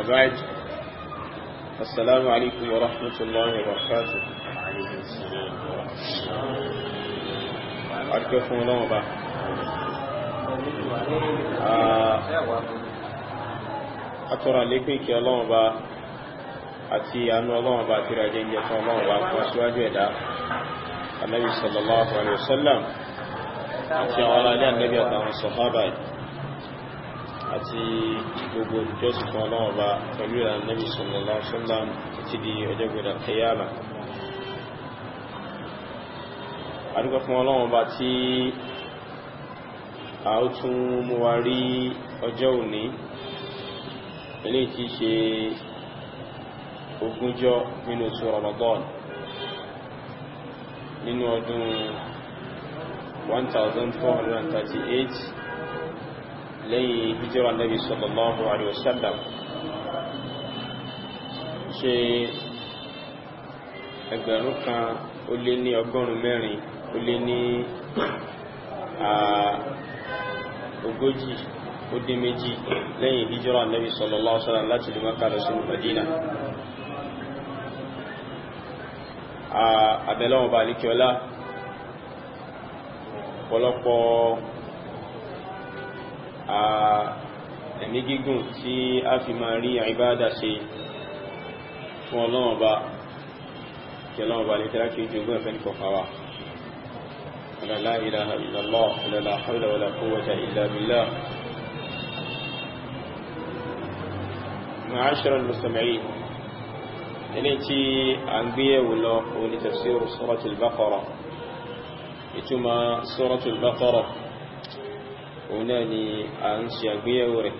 وبعد السلام عليكم ورحمة الله وبركاته أرجوكم الله وبعد أترى لكم كي الله وبعد àti àánú ọlọ́run bá tíra jẹ́ jẹ́ fún ọlọ́run bá fún aṣíwájú ẹ̀dá anábi sallallahu alaihi wasallam àti àwọn alẹ́ anábi àtàwọn sọ̀hábà àti gbogbo ìjọsìn fún ọlọ́wọ́ bá pẹ̀lú ìlànà Nabi sallallahu alaihi wasallam títí di ọjọ́ gbẹ̀dà kẹyàmà àdúgbò fún ọlọ́wọ́ bá tí a ó tún mú wa rí ọjọ́ òní ilé tí ṣe ogúnjọ́ nínú oṣù Ramadan nínú ọdún 1438 lẹ́yìn hijira nabi sallallahu alaihi wasallam ṣe ẹgbẹ̀rún kan ó lé ní ọgọ́rùn mẹ́rin ó lé ní ogójì ó dín méjì lẹ́yìn hijira nabi sallallahu alaihi wasallam láti lè mọ́kànlá sínú Madina ẹ̀mí gígùn tí a fi máa rí àìbáadà ṣe fún ọlọ́wọ̀n bá kí ọlọ́wọ̀n bá lè tẹ́lá kí ojú ogún ẹ̀fẹ́ nìkan fàwà la ilaha illallah la hawla wala quwwata illa billah معاشر المستمعين إليتي أنبياء الله ولتفسير سورة البقرة إتما سورة البقرة òun náà ni a ń ṣe àgbéyẹ̀wò rẹ̀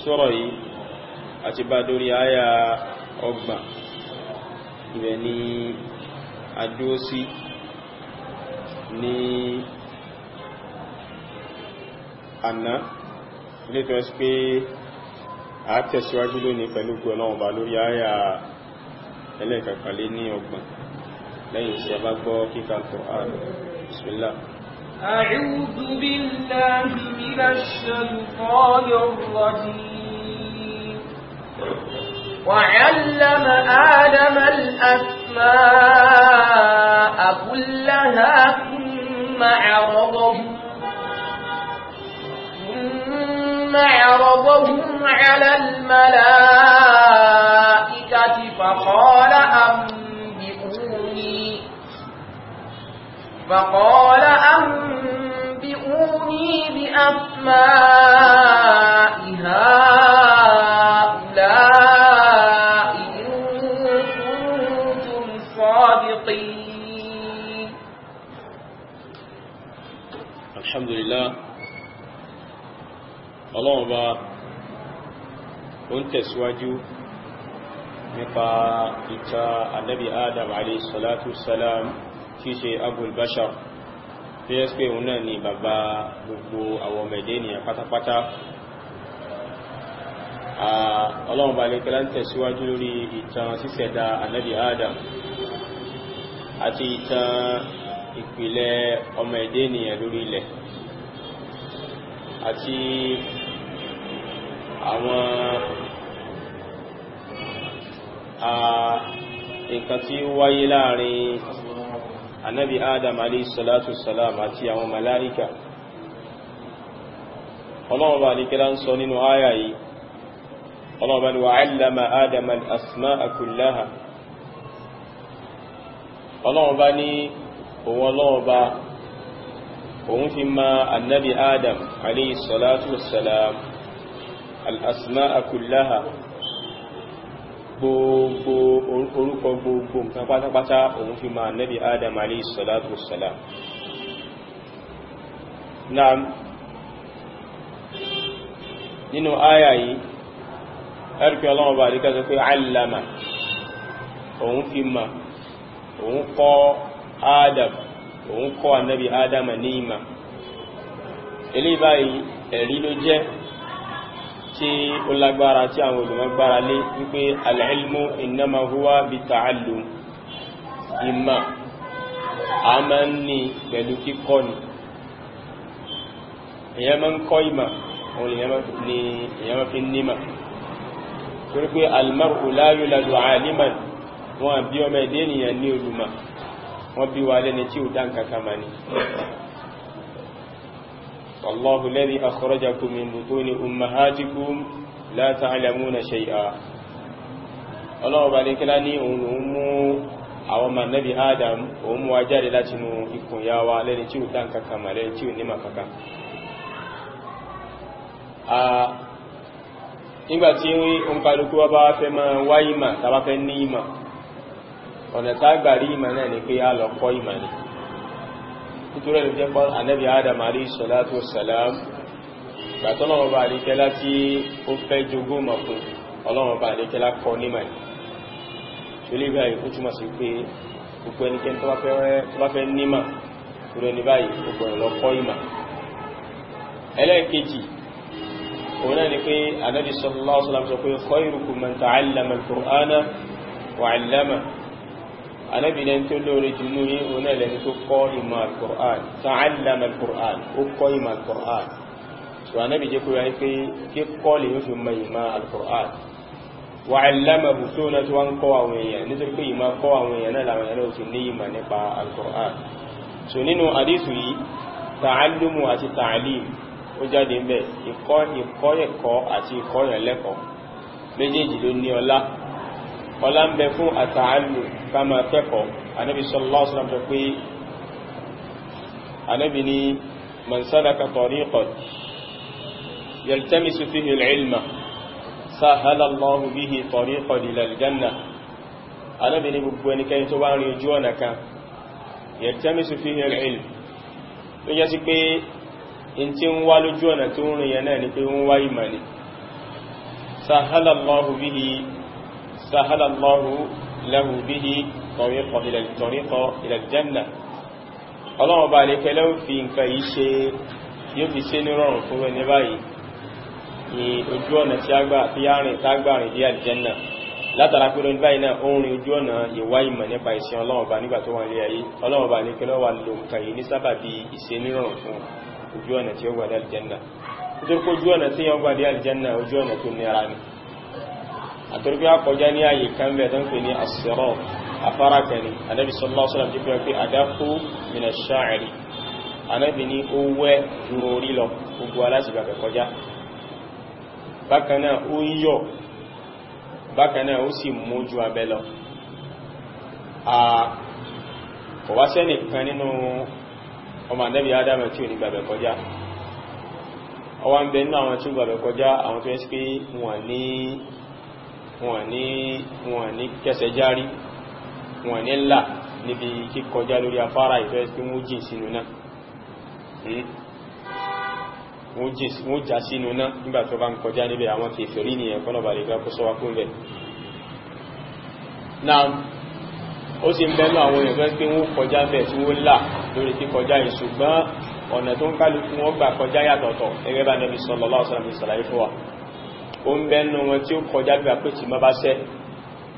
sọ́rọ̀ yìí a ti bá dórí àyà ọgbà ibẹ̀ ni adóòsí ní àná nítorí pé a tẹ̀síwájú lónìí pẹ̀lú gbọ́nàwọ̀bá lórí àyà ẹlẹ́kàkàlé ní ọgbọ̀n lẹ́yìn tí a bá gbọ́ kíkà Kùránì bismillah أعوذ بالله من الشيطان الرجيم وعلم آدم الأسماء كلها ثم عرضهم ثم عرضهم على الملائكة فقال أما فقال أنبئوني بأسمائها الحمد لله اللهم با كنت سواجو نبا إتا النبي آدم عليه الصلاة والسلام tí ṣe Abul Bashar tí ẹ́ pé òun náà ni bàbá gbogbo àwọn ọmọ ẹ̀dẹ́ ènìyàn pátápátá ọlọ́run bá lè kẹ́lá ń tẹ̀síwájú lórí ìtàn ṣíṣẹ̀dá Ànábì Adam àti ìtàn ìpìlẹ̀ ọmọ ẹ̀dẹ́ ènìyàn lórí ilẹ̀ àti àwọn nǹkan tí ó wáyé láàrin anábi adam alayhi salatu salam àti àwọn mala'ika ọlọ́run bá alikira ń sọ nínú àyà yìí ọlọ́run bá ni wa 'allama adam al-asma'a kullaha ọlọ́run bá ní òun ọlọ́run bá òun fi ma annabi adam alayhi salatu salam al-asma'a gbogbo orúkọ gbogbo nǹkan pátápátá òun fi máa adam alayhi salatu wassalam na. nínú áyà yìí ẹ́rùkẹ́ ọlọ́run bá rí alama òun fi ma òun kọ́ adam òun kọ́ adam ní báyìí ẹ̀rí ló tí ó lágbára tí àwọn olùmọ̀ gbára lé wípé al-ilmu innama huwa bit-ta'allum ìmọ̀ a máa ń ní pẹ̀lú kíkọ́ ni èyàn máa ń kọ́ ìmọ̀ òun èyàn máa fi nímọ̀ torí pé al-mar'u la yuladu 'aliman ní olùmọ̀ wọ́n bí والله الذي أخرجكم من بطون أمهاتكم لا تعلمون شيئا ọlọ́wọ́ bá lékílá ní òun lòun mú àwọn ọmọ nẹ́bí adam òun mú wa jáde láti inú ikùn ya wa lẹ́ni tí ó dán kankan mà lẹ́ni tí ó nímà kankan a nígbàtí òun kálukú wa bá fẹ́ máa wá ìmà tàbá fẹ́ ní ìmà ọ̀nà tágbàrí ìmà náà ni pé a lọ kọ́ ìmà ni nítorí ẹni jẹ́ pọ́n ànábì adam alayhi salatu wassalam gbàtọ́lọ́wọ́ bá àríkẹ́lá tí ó fẹ́ jogún mọ̀ fún ọlọ́wọ́ bá àríkẹ́lá kọ nímọ̀ ṣolé báyìí ó túnmọ̀ sí pé gbogbo ẹnikẹ́ni tó bá fẹ́ nímọ̀ kúrò ní báyìí gbogbo ọ̀lọ́kọ́ ìmọ̀ ẹlẹ́ẹ̀kejì òun náà ni pé ànábì sallallahu alaihi wasallam sọ pé khairukum anábìnrin tó lóore jù nú yí oní ẹ̀lẹ́ni tó kọ́ ìmọ̀ al-Qur'an ta'allama al-Qur'an ó kọ́ ìmọ̀ al-Qur'an so anábì jẹ́ kúrò pé kí kọ́ lè yóò fi mọ ìmọ̀ al-Qur'an wà allamahu tó náà tí wọ́n kọ́ àwọn èèyàn nítorí pé ìmọ̀ kọ́ àwọn èèyàn náà làwọn èèyàn sì ní ìmọ̀ nípa al-Qur'an so nínú àdísù yìí ta'allumu àti ta'alim ó jáde ń bẹ̀ ìkọ́ ìkọ́ ẹ̀kọ́ àti ìkọ́ ìrẹ̀lẹ́kọ̀ọ́ méjèèjì ló ní ọlá ọlá ń bẹ fún àtàálù kama kẹ́kọ̀ọ́ anábi sallallahu alaihi wasallam pé anábi ni man salaka tariqan yaltamisu fihi al-ilma sahala Allahu bihi tariqan ila al-janna anábi ni gbogbo ẹnikẹ́ni tó bá rin ojú ọ̀nà سهل الله له به طريق إلى الطريق إلى الجنة الله bá lè في fi nǹkan yìí ṣe yóò fi ṣe nírọ̀rùn fún ẹni báyìí ni ojú ọ̀nà tí a gbà tí a rìn tágbà rìn dé àlìjẹ́nà látara pé lónìí báyìí náà ó ń rin ojú ọ̀nà ìwá ìmọ̀ nípa ìsìn ọlọ́run bá nígbà tó wà nílé ayé ọlọ́run bá lè wà lò nǹkan yìí ní sábà bí ìṣe fún ojú ọ̀nà tí ó gbà dé àlìjẹ́nà nítorí pé ojú ọ̀nà tí yẹn gbà dé àlìjẹ́nà ojú ọ̀nà tó nira ni àtòrí pé àkọjá ní ààyè kan bẹ̀ tó ń pè ní àṣírọ̀ afárá kẹni anábì sallallahu alaihi wasallam ti pẹ́ pé àdákú mìnà ṣáàrí anábì ní ó wẹ́ dúró orí lọ gbogbo aláṣìbàbẹ̀ kọjá bákanáà ó yọ bákanáà ó sì mójú abẹ lọ kò wá sẹ́nìkan nínú ọmọ anábì adama tí ò ní gbàbẹ̀ kọjá ọwá ń bẹ nínú àwọn tí ó gbàbẹ̀ kọjá àwọn tó yẹ sí pé wọ́n ní wọn ní wọn ní kẹsẹ̀ járí wọn ní ńlá níbi kíkọjá lórí afárá ìfẹ́ pé wọ́n jìn sínú náà wọ́n já sínú náà nígbà tó bá ń kọjá níbẹ̀ àwọn ti fẹ̀rí ní ẹ̀kọ́ náà bàlẹ̀ gbá kó sọ wákún bẹ̀ náà ó sì ń bẹ́nu àwọn èèyàn ó ń bẹ́ nù wọn tí ó kọjá bí wàá pé tì má bá sẹ́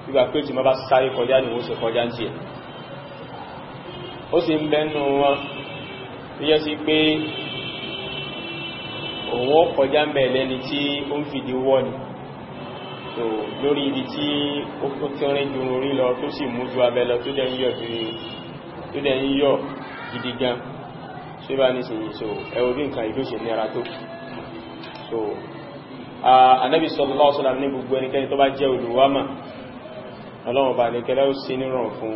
bí wàá pé tì má bá sáré kọjá ni wọ́n ṣe kọjá ń tiẹ̀ ó sì ń bẹ́ nù wọn tó yẹ sí pé òun ó kọjá ń bẹ̀ lẹ́ni tí ó ń fìdí wọ́ ni tó lórí ibi tí ó ti rìn ju orí lọ tó sì mú ju abẹ lọ tó dẹ̀ ń yọ̀ gidi gan ṣé bá ní sèyí so ẹ bí nǹkan ìlú nira tó so anábì sallallahu alaihi wasallam ní gbogbo ẹnikẹ́ni tó bá jẹ́ olùwámà ọlọ́run bá ní kẹlẹ́ ó sí níràn fún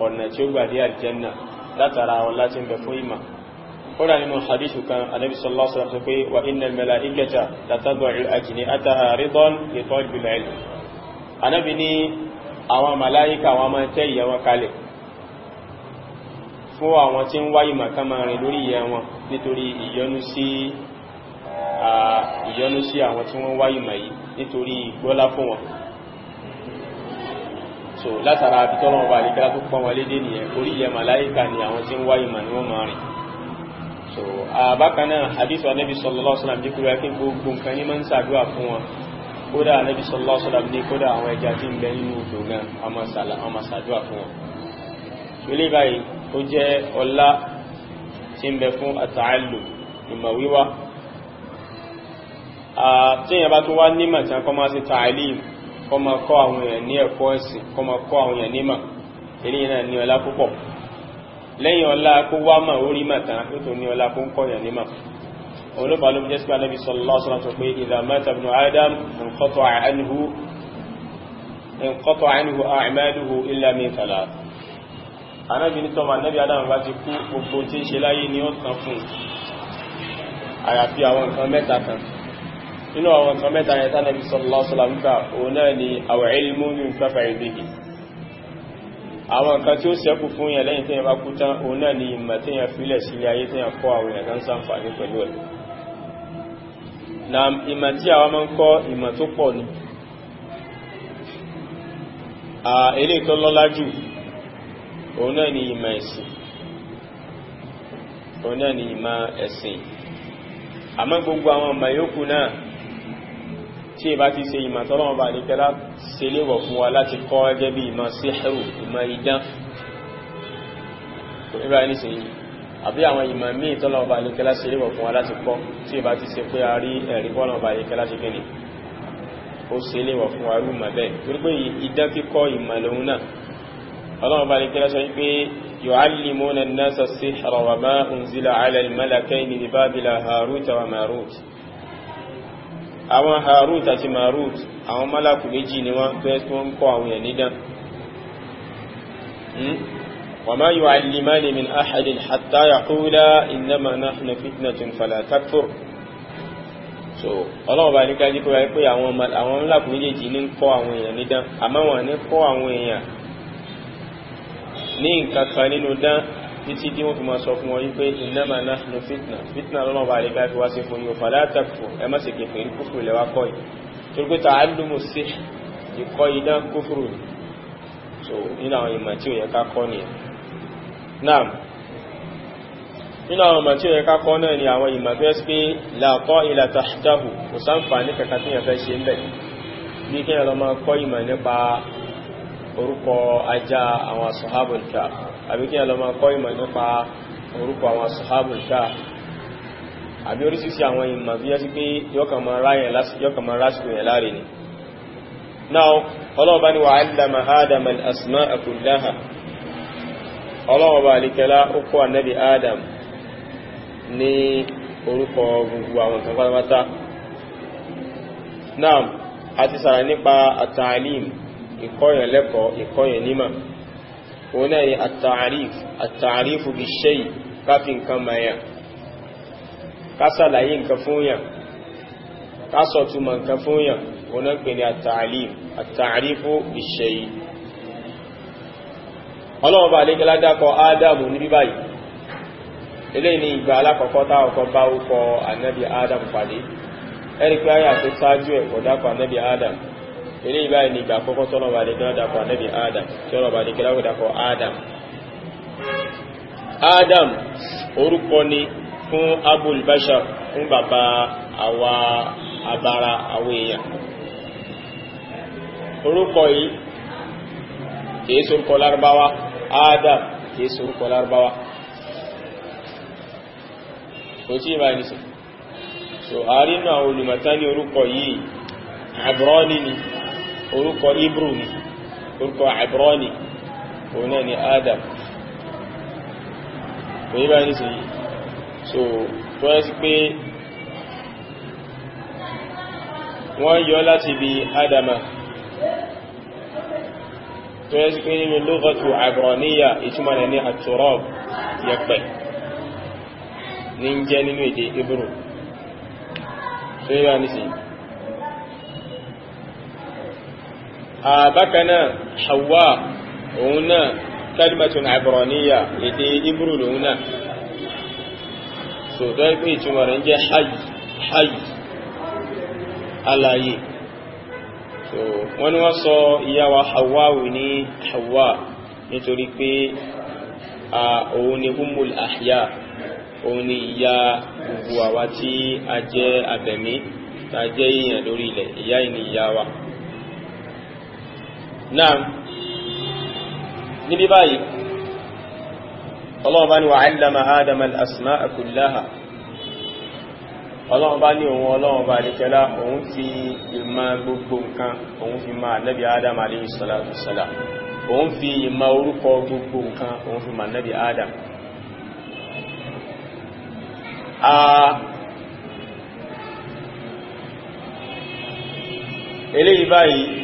ọ̀nà tí ó gbà dé àlùjánnà látara àwọn láti ń bẹ fún ìmà kódà nínú hadithu kan anábì sallallahu fún àwọn tí ń wá ìmà máa rìn lórí ìyẹ́ wọn nítorí ìyọnu sí ìyọ́nú sí àwọn tí wọ́n wá ìmọ̀ yìí nítorí ìgbọ́lá fún wọn so látara àbítọ́lọ́wọ́ bá nígbà tó pọ́n wọlé dé nìyẹn orí ilẹ̀ màláìka ni àwọn tí ń wá ìmọ̀ ni wọ́n máa rìn so àbákan náà hadith anabi sallallahu alaihi wasallam ní kúrò ẹkẹ́ gbogbo nǹkan ní máa ń ṣàdúrà fún wọn kódà anabi sallallahu alaihi wasallam ní kódà àwọn ẹja tí ń bẹ nínú odò gan ọmọ ṣàdúrà fún wọn ilé báyìí ó jẹ́ ọlá tí ń bẹ fún àtàlù ìmọ̀ tí èyàn bá tún wá nímọ̀ tí a kọ́ máa sí tààlìm kọ́ máa kọ́ àwọn èèyàn ní ẹ̀kọ́ ẹ̀sìn kọ́ máa kọ́ àwọn èèyàn nímọ̀ eré náà ní ọlá púpọ̀ lẹ́yìn ọlá kó wá mà orí mà tó ní ọlá kó ń kọ́ èèyàn nímọ̀ òun ló jẹ́ sípà Nabi sallallahu inú àwọn nǹkan mẹ́ta yẹn tánàbí sọlọ́sọlá ń gbà òun náà ni àwọn ilmú ní ìfẹ́fà ìdíhì àwọn nǹkan tí ó sẹ́kù fún yẹn lẹ́yìn tẹ́yẹn bá kú tán òun náà ni ìmọ̀ tẹ́yẹn fílẹ̀ sílé ayé tẹ́yẹn kọ́ àwọn èèyàn tán ṣàǹfààní pẹ̀lú ẹ̀ na ìmọ̀ tí àwọn máa ń kọ́ ìmọ̀ tó pọ̀ ni eré tó lọ́lá jù òun náà ni ima esi. òun náà ni ìmọ̀ ẹ̀sìn àmọ́ gbogbo àwọn ọmọ yòókù náà tí ìbá ti ṣe ìmọ̀ tọ́lọ́ ọba àdékẹ́lá ṣe léwọ̀ fún wa láti kọ́ gẹ́gẹ́ bí ìmọ̀ síhẹ̀rù ìmọ̀ idán ìbá ní ṣe yìí àbí àwọn ìmọ̀ míì tọ́lọ́ ọba àdékẹ́lá ṣe léwọ̀ fún wa láti kọ́ tí ìbá ti ṣe pé a náà ọlọ́run bá ní kí lọ́sọ wípé yu'allimuna an-nasa as-sihra wa àwọn harut àti marut àwọn málàkù méjì ni wọ́n tó ẹ́sùn ń kọ́ àwọn ẹ̀nìdàn hmm? wa ma yu'allimani min ahadin hatta yaqula innama nahnu fitnatun fala takfur so ọlọ́ọ̀bá ní kájí kó wáyé pé àwọn málàkù méjèèjì ní ń àwọn èèyàn nídán ní kọ́ àwọn èèyàn ní nǹkan kan nínú dán títí tí wọ́n fi máa sọ fún wọn wípé innama nahnu fitna fitna lọ́nà bá lè káfí wá sí fún yóò fàlá takfur ẹ má sì kèfè rí kúfùrù lẹ́wà kọ́ yìí torí pé ìkọ́ idán kúfùrù so nínú àwọn ìmọ̀ tí ó yẹ ká kọ́ nìyẹn náà nínú àwọn ìmọ̀ ni àwọn ìmọ̀ tó yẹ pé la ta'ila tahtahu kò sáǹfààní kankan tí yẹn fẹ́ ṣe ń bẹ̀ bí kí yẹn lọ máa kọ́ ìmọ̀ nípa orúkọ ajá àwọn sahabul kaf àbí kí ẹlọ máa kọ́ ìmọ̀ nípa orúkọ àwọn sọ̀hábùl káà àbí orísìsí àwọn ìmọ̀ bí yẹ́ sí pé yọ́kàmà rásìkò yẹ̀ láre ni náà ọlọ́ọ̀bá ni wà allama adam al'asma a kullaha ọlọ́ọ̀bá alikẹ́lá ó kọ́ annabi adam ní orúkọ gbogbo àwọn kan pátápátá náà àti sàrà nípa àtàlím ìkọ́yàn lẹ́kọ̀ọ́ ìkọ́yàn nímọ̀ òun náà ni àtàrífù àtàrífù bí ṣe yìí káfí nǹkan mayà ká sàlàyé nǹkan fúnyà ká sọ̀túnmọ̀ nǹkan fúnyà òun náà pè ní àtàrífù bí ṣe yìí ọlọ́wọ́ bá lé gẹ́ládákọ̀ ádámù ní bíbáyìí ilé ní ilé ìbáyìí ni ìgbà àkọ́kọ́ tọ́lọ̀bà ní kí wọ́n dàpọ̀ ànábì adam tọ́lọ̀bà ní kí wọ́n dàpọ̀ adam adam orúkọ ni fún abul bashar fún bàbá àwa abara àwọn èèyàn orúkọ yìí kìí sorúkọ lárúbáwá adam kìí sorúkọ lárúbáwá kò tí ìbáyìí nìsọ̀ so àárínú àwọn olùmọ̀tá ní orúkọ yìí àbúrọ́ nínú orúkọ ibru ni orúkọ ibrani òun náà ni adam òyí bá ní sí yìí so tó ẹ́ sí pé wọ́n yọ láti bí adama tó ẹ́ sí pé nínú lókọtù ibraniya ìtumọ̀ rẹ̀ ní àtúrọ̀b yẹpẹ̀ ní jẹ́ nínú èdè ibru so yíba ní sí bákanáà hawa òun náà kalimatun abraniya èdè ibru lòun náà so tó ẹgbẹ́ ìtumọ̀ rẹ̀ ń jẹ́ hayy alaye so wọ́n ni wọ́n sọ ìyàwó hawawu ní hawa nítorí pé òun ni humul ahya òun ni ìyá gbogbo àwa tí a jẹ́ abẹ̀mí tá a jẹ́ èèyàn lórí ilẹ̀ ìyá ìní wa náà níbi báyìí ọlọ́run bá ní wa 'allama Adama al-asma'a kullaha ọlọ́run bá ní òun ọlọ́run bá àdíkẹ́lá òun fi ìmọ̀ gbogbo nǹkan òun fi máa nẹ́bí Adam alayhi salatu wassalam òun fi ìmọ̀ orúkọ gbogbo nǹkan òun fi máa nẹ́bí Adam eléyìí báyìí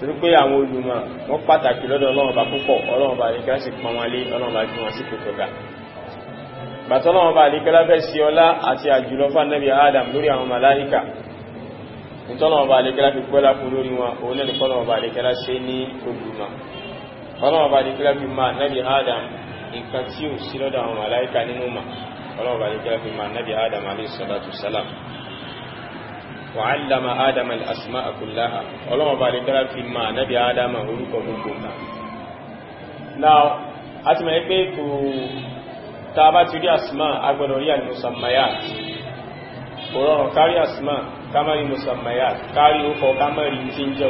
torí pé àwọn olùmọ̀ wọ́n pàtàkì lọ́dọ̀ ọlọ́run bá púpọ̀ ọlọ́run bá àríkẹ́ sì pọn wọn lé ọlọ́run bá gbọ́n sí kòtò ga bàtọ́lọ́run bá àríkẹ́ láfẹ́ sí ọlá àti àjùlọ fánàbí Adam lórí àwọn màláíkà ìtọ́lọ́run bá àríkẹ́ láfi pẹ́lá fún lórí wọn òun lẹ́nu kọ́lọ́run bá àríkẹ́ lá ṣe ní olùmọ̀ ọlọ́run bá àríkẹ́ láfi máa nàbí Adam nǹkan tí ò sí lọ́dọ̀ àwọn màláíkà nínú mà ọlọ́run bá àríkẹ́ láfi máa nàbí Adam alayhi salatu salam wàhálàmà adama al'asma àkùnláha ọlọ́wọ́ bá lè dára fi nábi adama orúkọ gbogbo a ti mẹ́ pé kò tàbá ti rí asma agbọ̀dọ̀ rí al-musammaya kò kárí asma kámàrí musammaya kárí ókọ kámàrí tí ń jẹ́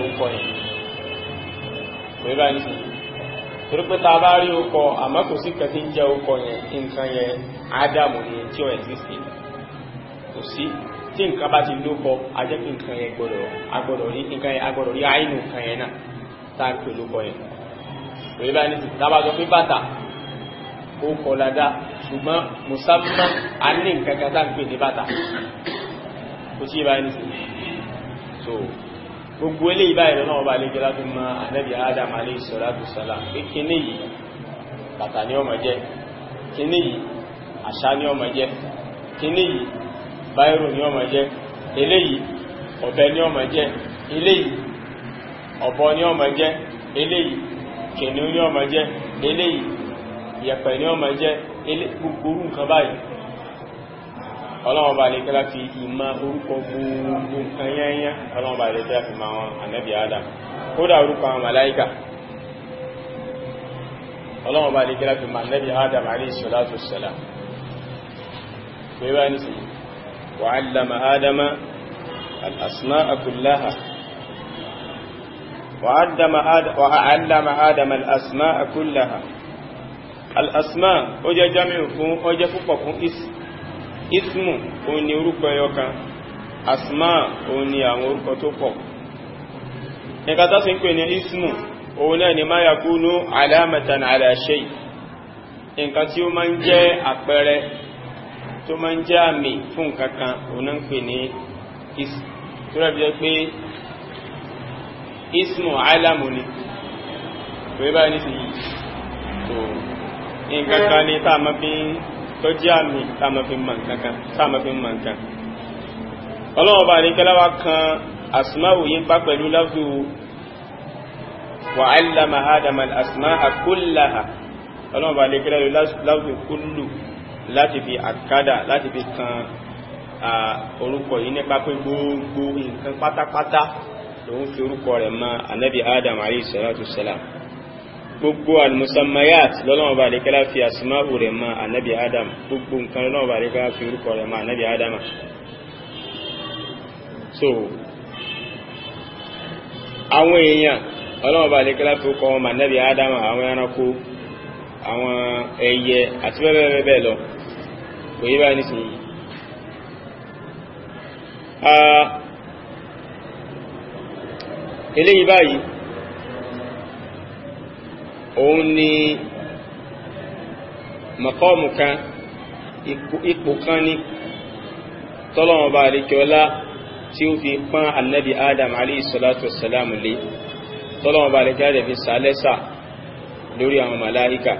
ókọ yẹn adamu kò tí nǹkan bá ti lókọ ajẹ́ kí nǹkan yẹn gbọ́dọ̀ agbọ́dọ̀ rí nǹkan yẹn agbọ́dọ̀ rí àìnù nǹkan yẹn náà tá a pè lókọ yẹn òye bá ní sí tá a bá sọ pé bàtà ó kọ ládá ṣùgbọ́n musamman a ní nǹkan kan tá a pè ní bàtà kò sí ìbá ní sí so gbogbo eléyìí báyìí lọ́nà ọba àlejò láti mọ ànábì Adam alayhi salatu salam pé kíní yìí bàtà ni ọmọ jẹ kíní yìí àṣà ni ọmọ jẹ kíní yìí báírò ní ọmọ jẹ́ eléyìí ọ̀bẹ ní ọmọ jẹ́ eléyìí ọ̀bọ ní ọmọ jẹ́ eléyìí kìnìún ní ọmọ jẹ́ eléyìí yẹ̀pẹ̀ ní ọmọ jẹ́ gbogbo nǹkan báyìí lè kẹ́lá fi ìmá orúkọ gbogbo lè kẹ́lá fi wọn orúkọ àwọn lè kẹ́lá fi وعلم آدم الأسماء كلها وعلم آدم, وعلم آدم الأسماء كلها الأسماء أجا جمع أجا فوقكم اسم اسم أني أروك يوكا أسماء أني أروك توقف إن tó sì اسم pè ní ismu òun على شيء. إن yakunu alamatan ala shay tó máa ń jẹ́ àmì fún kankan òun náà ń pè ní ismu tó rẹ̀ bí pé ismu alamu ni pẹ̀lú báyìí nísìnyí tó nǹkan kan ní tá a máa fi ń tó àmì tá a máa fi ń mọ̀ nǹkan tá a máa fi ń mọ̀ nǹkan ọlọ́wọ́ bá ní kẹ́lá wa kan asmáwò yín pa pẹ̀lú lábdù wa allama adama al asma'a kullaha ọlọ́wọ́ bá ní kẹ́lá lábdù kullu láti fi àkádà láti fi kan orúkọ yìí nípa pé gbogbo nǹkan pátápátá lòun fi orúkọ rẹ̀ mọ́ anábì adam alayhi salatu salam gbogbo almusammayat lọ́lọ́wọ́ bá lékẹ́lá fi àsìmáhù rẹ̀ mọ́ anábì adam gbogbo nǹkan lọ́lọ́wọ́ bá lékẹ́lá fi orúkọ rẹ̀ mọ́ anábì adam so àwọn èèyàn ọlọ́wọ́ bá lékẹ́lá fi orúkọ wọn mọ́ anábì adam àwọn ẹranko àwọn ẹyẹ àti bẹ́ẹ̀ bẹ́ẹ̀ lọ kò yí báyìí nísìnyí eléyìí báyìí òun ni mọ̀kọ́ọ̀mù kan ipò kan ní tọ́lọ́wọ́n bá rí kí ọlá tí ó fi pán annabi adam alayhi salatu wassalamu lé tọ́lọ́wọ́n bá rí fi sàálẹ́sà lórí àwọn màláíkà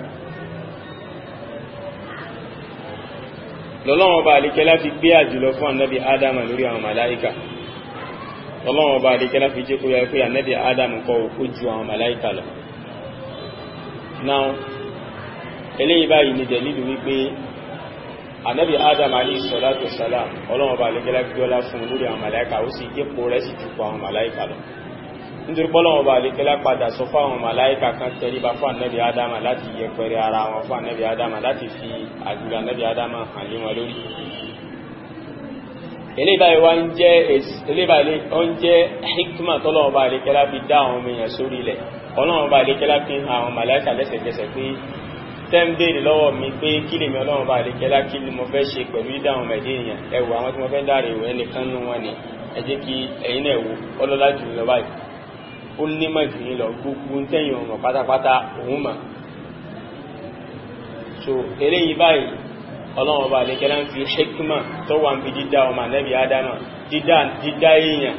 lọ́lọ́wọ́n bá àdíkẹ́ láti gbé àjùlọ fún ànábì ádámà lórí àwọn màláíkà lọ́lọ́wọ́n bá àdíkẹ́ láti jẹ́ kó yẹ pé ànábì ádámà kọ́ ó ju àwọn màláíkà lọ now eléyìí báyìí ni dẹ̀lílù wípé ànábì ádámà ní ìsọ̀látò sálà ọlọ́wọ́n bá àdíkẹ́ láti gbé ọlá fún lórí àwọn màláíkà ó sì jẹ́ kó rẹ̀ sì ju àwọn màláíkà lọ nítorí pọ́lọ́wọ́ bá lè kẹ́lá padà sọ fáwọn màláìkà kan tẹríba fún ànẹ́bì adama láti yẹ pẹ̀rẹ̀ ara wọn fún ànẹ́bì adama láti fi àjùlọ ànẹ́bì adama hàn lé wọn lórí eléyìí hikma tọ́lọ́wọ́ bá lè kẹ́lá fi dá àwọn èèyàn sórí ilẹ̀ ọlọ́wọ́ bá lè kẹ́lá fi hàn àwọn màláìkà lẹ́sẹ̀kẹsẹ̀ pé tẹ́ ń béèrè lọ́wọ́ mi pé kí lèmi ọlọ́run bá lè kẹ́lá kí ni mo fẹ́ ṣe pẹ̀lú ìdáhùn mẹ̀dé ẹwù àwọn tí mo fẹ́ dáre ìwẹ̀ nìkan nú wọn ni ẹ kí ẹ̀yin náà ọlọ́lá jù báyìí ó nímọ̀ jù yín lọ gbogbo tẹ́yìn ọ̀rọ̀ pátápátá òun mà so eléyìí báyìí ọlọ́run ọba àlekẹ́lá ń fi ṣẹ́kímà tó wà ń bi dídá ọmọ ànábì ádámà dídá èèyàn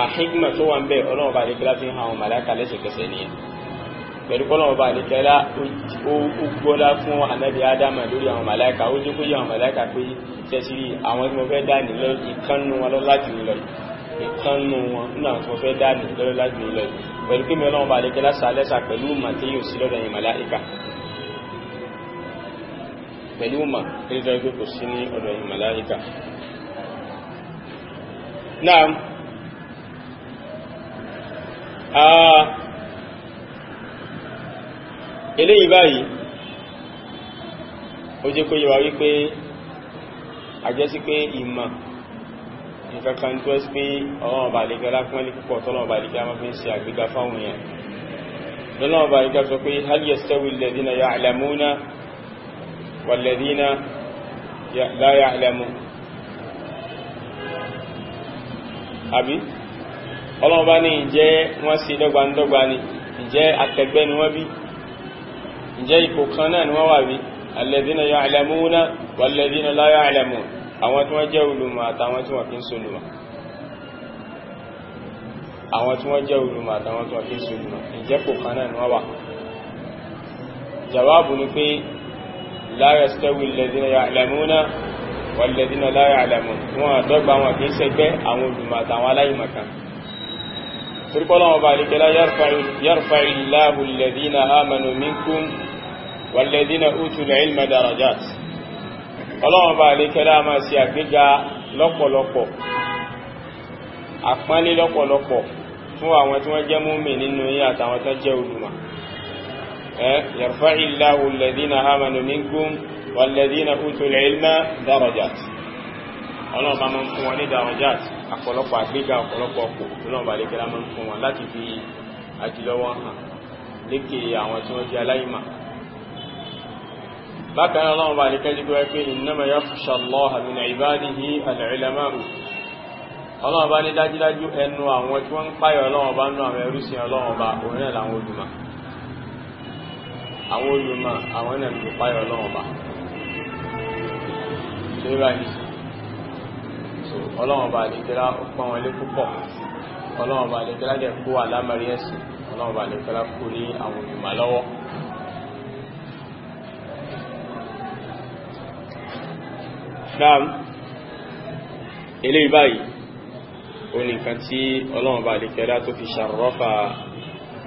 àhíkímà tó wà ń bẹ ọlọ́run ọba àlekẹ́lá fi hàn ọmọ àlákà lẹ́sẹ̀kẹsẹ̀ nìyẹn pẹ̀lú kọ́lọ́run ọba àlekẹ́lá ó gbọ́lá fún ànábì ádámà lórí àwọn màláìka ó jẹ́ kó yẹ àwọn màláìka pé tẹ́sírí àwọn tí mo fẹ́ dá wọn lọ láti nílọ ìkánnú wọn nínú àwọn fẹ́ dáàdì lọ́rọ̀ láti ilẹ̀ pẹ̀lú kí mẹ́lọ́n bá lè kẹ́lá sàálẹ́sà pẹ̀lú mà tí yóò sí lọ́dọ̀ yìí màláìka pẹ̀lú mà tí yóò gbé kò sí ní ọ̀dọ̀ yìí màláìka náà àà eléyìí báyìí ó jẹ́ kó yẹ wá wípé àjẹ́sí pé ìmọ̀ nǹkan kan tó ẹ́sì pé ọlọ́run bá lè gẹ́ lápọ́nlé púpọ̀ tọ́lọ́run bá lè gẹ́ a máa fi ń ṣe àgbéga fáwọn èèyàn lọ́lọ́run bá lè gẹ́ sọ pé hal yastawi alladhina ya'lamuna walladhina la ya'lamun àbí ọlọ́run bá ní ìjẹ́ wọ́n sí dọ́gbandọ́gba ni ìjẹ́ akẹgbẹ́ ni wọ́n bí ìjẹ́ ipò kan náà ni wọ́n wà bí alladhina ya'lamuna walladhina la ya'lamun àwọn tí wọ́n jẹ́ olùmọ̀ àtàwọn tí wọ́n kí ń solùmọ̀ àwọn tí wọ́n jẹ́ olùmọ̀ àtàwọn tí wọ́n kí ń solùmọ̀ ìjẹ́pò kan náà ni wọ́n wà jawabu ni pé la yastawi alladhina ya'lamuna wal ladhina la ya'lamun wọn ọlọ́run bá àlékẹ́lá máa ṣe àgbéga lọ́pọ̀lọpọ̀ àpọ́nlé lọ́pọ̀lọpọ̀ fún àwọn tí wọ́n jẹ́ múmi nínú yí àtàwọn tó jẹ́ olùmọ̀ ẹ yarfa'illahu alladhina amanu minkum ní bákan náà lọ́wọ́ bá ní kẹ́jú gbé pé innama yakhsha Allaha min ibadihi al-ulama'u ọlọ́wọ́ bá ní dájúdájú ẹnu àwọn tí wọ́n ń páyọ̀ ọlọ́wọ́ bá nú àwọn ẹrúsìn ọlọ́wọ́ bá òun náà làwọn olùmọ̀ àwọn olùmọ̀ àwọn náà ló páyọ̀ ọlọ́wọ́ bá ṣe islam eléyìí báyìí ó ní nǹkan tí ọlọ́run bá lè kẹ́lá tó fi ṣàrọ́fà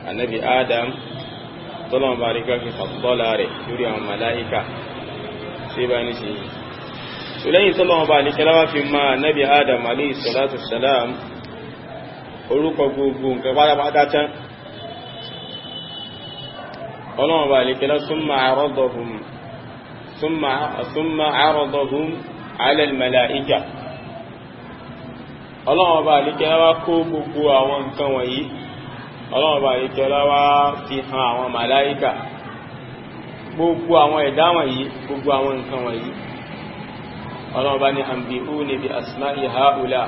ànábì adam tọ́lọ́run bá lè kẹ́lá fàtọ́lá rẹ̀ lórí àwọn màláíkà tí bá ní sí ṣùlẹ́yìn tọ́lọ́run bá lè kẹ́lá wá fi ma ànábì adam alayhi salatu salam orúkọ gbogbo nǹkan pátápátá tán ọlọ́run bá lè kẹ́lá súnmọ́ àrọ́dọ̀hùn ala al-malaika ọlọ́run ọba wá gbogbo àwọn nǹkan wọ̀nyí ọba àríkẹ́ wá fi gbogbo àwọn ẹ̀dá wọ̀nyí gbogbo àwọn nǹkan wọ̀nyí ọba ní ambihuni bi asma'i haula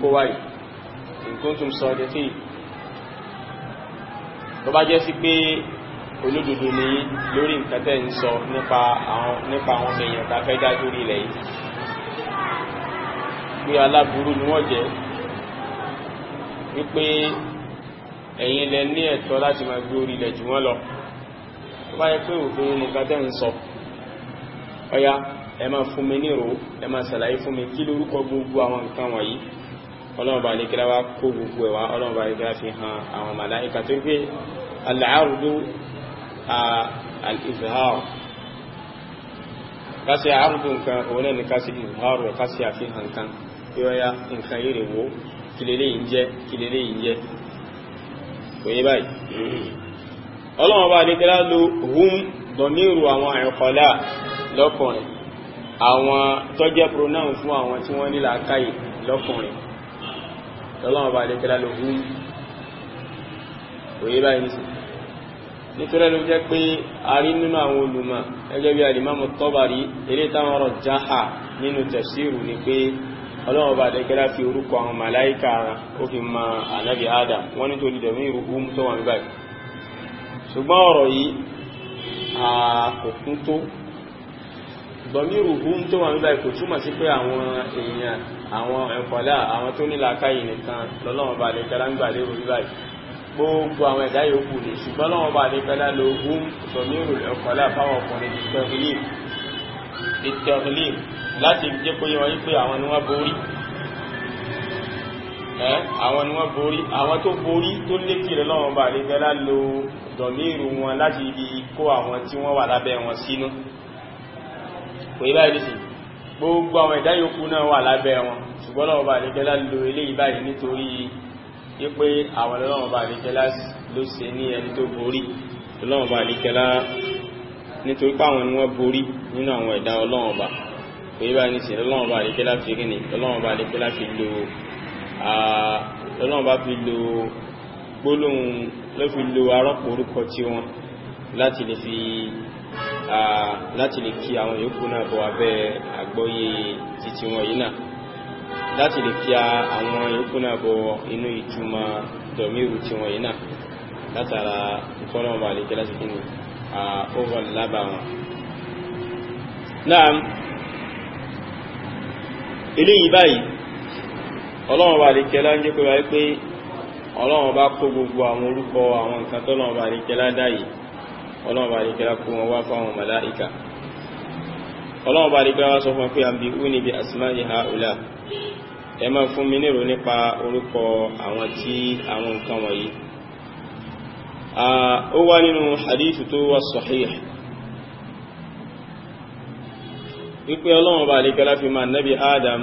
gbogbo mo olódodo ní lórí nǹkan tẹ́ ń sọ nípa àwọn nípa àwọn èèyàn tá fẹ́ dá lórí ilẹ̀ yìí pé aláburú ni wọ́n jẹ́ wípé ẹ̀yin lẹ ní ẹ̀tọ́ láti máa gbé orí ilẹ̀ jù wọ́n lọ tó bá yẹ pé òfin nǹkan tẹ́ ń sọ ọya ẹ máa fún mi nírò ẹ máa ṣàlàyé fún mi kí lórúkọ gbogbo àwọn nǹkan wọ̀nyí ọlọ́ọ̀bà alẹ́kẹ́lá wá kó gbogbo ẹ̀wà ọlọ́ọ̀bà alẹ́kẹ́lá fi hàn àwọn màláìka tó gbé aláàrùdó al-izhar kasi arudu nǹkan nka ní kasi izhar rẹ̀ kasi àfihàn kan yọ́ya nǹkan yìí rẹ̀ wo kìlélé yìí jẹ́ kìlélé yìí jẹ́ òye ọlọ́wọ́ bá ní tẹ́lá lo hun dọ̀míru àwọn àyọkọ̀lá lọ́kùnrin àwọn awọn pronoun fún àwọn tí wọ́n ní làákàyè lọ́kùnrin ọlọ́wọ́ tẹ́lá lo nítorí ẹni jẹ́ pé a rí nínú àwọn olùmọ̀ ẹgbẹ́ bí alìmọ́mù tọ́bàrí eré táwọn ọ̀rọ̀ jáhà nínú tẹ̀síìrù ni pé ọlọ́run bá dẹ́gẹ́rá fi orúkọ àwọn màláìkà ó fi ma ànábì adam wọ́n ní torí dẹ̀mí ìrùkú tó wà nígbà yìí ṣùgbọ́n ọ̀rọ̀ yìí àkókún tó dẹ̀mí ìrùkú tó wà ń gbà gbogbo àwọn ẹ̀dá yòókù ní ṣùgbọ́n lọ́wọ́ bá ní pẹ́lá lo ohun sọmírù ọkọ̀lá fáwọn ọkùnrin ìtẹ̀rìlì láti jẹ́ pé wọ́n yí pé àwọn ni wọ́n borí ẹ́ àwọn ni wọ́n borí àwọn tó borí tó lékì rẹ̀ lọ́wọ́ bá ní pẹ́lá lo dọ̀mírù wọn láti ibi kó àwọn tí wọ́n wà lábẹ́ wọn sínú kò yí báyìí sí gbogbo àwọn ẹ̀dá yòókù náà wà lábẹ́ wọn ṣùgbọ́n lọ́wọ́ bá ní pẹ́lá lo eléyìí báyìí nítorí wípé àwọn ọlọ́wọ̀n bá àríkẹ́lá ló ṣe ní ẹni tó borí ọlọ́wọ̀n bá nítorí páwọn ni wọ́n borí nínú àwọn ẹ̀dá ọlọ́wọ̀n bá pé bá ní sìn ọlọ́wọ̀n bá àríkẹ́lá fi rí ni ọlọ́wọ̀n bá àríkẹ́lá fi lo ọlọ́wọ̀n bá fi lo gbólóhùn ló fi lo arọ́pò orúkọ tí wọn láti lè fi láti lè kí àwọn yòókù náà bọ̀ abẹ́ àgbọ́yé titi wọn yìí náà láti lè àwọn yòókù náà bọ inú ìtumọ̀ dọ̀míru tí wọ́n yìí náà látara ìfọ́nàmọ́ àlejò láti kí ni ọ̀rọ̀ lábà wọn. náà eléyìí báyìí ọlọ́run bá lè kẹlá ń jẹ́ pé wáyé pé ọlọ́run bá kó gbogbo àwọn orúkọ àwọn nǹkan tọ́lọ́run bá lè kẹlá dáyìí ọlọ́run bá lè kẹlá kó wọn wá fáwọn bá ha ọlá ẹ máa fún mi nírò nípa orúkọ àwọn tí àwọn nǹkan wọ̀nyí ó wá nínú hadithu tó wà sahih wípé ọlọ́run bá lè fi adam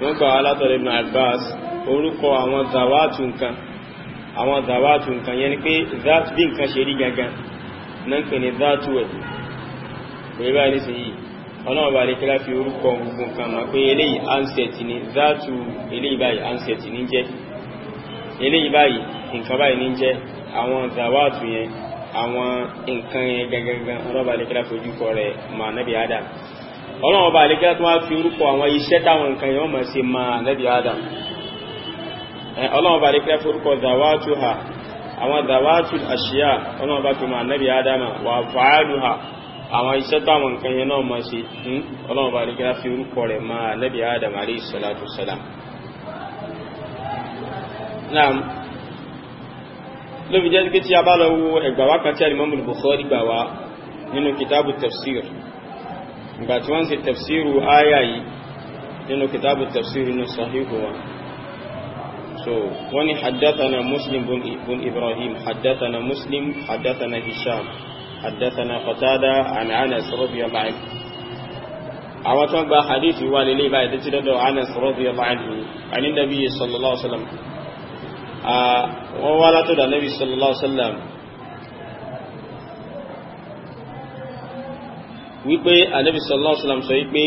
wọ́n gbà alátọ̀rẹ̀ ibn abbas orúkọ àwọn zawatu nǹkan àwọn zawatu nǹkan yẹn ni pé that bí nǹkan ṣe rí gangan náà ń pè ní that way ọlọ́run bá lékẹ́ láti orúkọ gbogbo nǹkan mọ̀ pé eléyìí ansẹ̀t ní záàtù eléyìí báyìí ansẹ̀t ní jẹ́ eléyìí báyìí nǹkan báyìí ní jẹ́ àwọn zawaatu yẹn àwọn nǹkan yẹn gangan ọlọ́run bá lékẹ́ láti orúkọ adam fi fi adam wà ha àwọn iṣẹ́ táwọn nǹkan yẹn náà máa ṣe hmm, ọlọ́run bá nígbà fi orúkọ rẹ̀ máa nẹ́bí adam alayhi salatu salam náà ló fi jẹ́ pé tí a bá lọ wo ẹgbàwá kan tí al-Imam al-Bukhari gbà wá nínú kitabu tafsir ìgbà tí wọ́n ń ṣe tafsiru aya حدثنا قتادة عن أنس رضي الله عنه àwọn tó ń gba hadithi wà lè lè báyìí títí lọ́dọ̀ Anas radiyallahu anhu àní nàbí sallallahu alaihi wasallam wọ́n wá látọ̀dọ̀ nàbí sallallahu alaihi wasallam wípé ànàbí sallallahu alaihi wasallam sọ wípé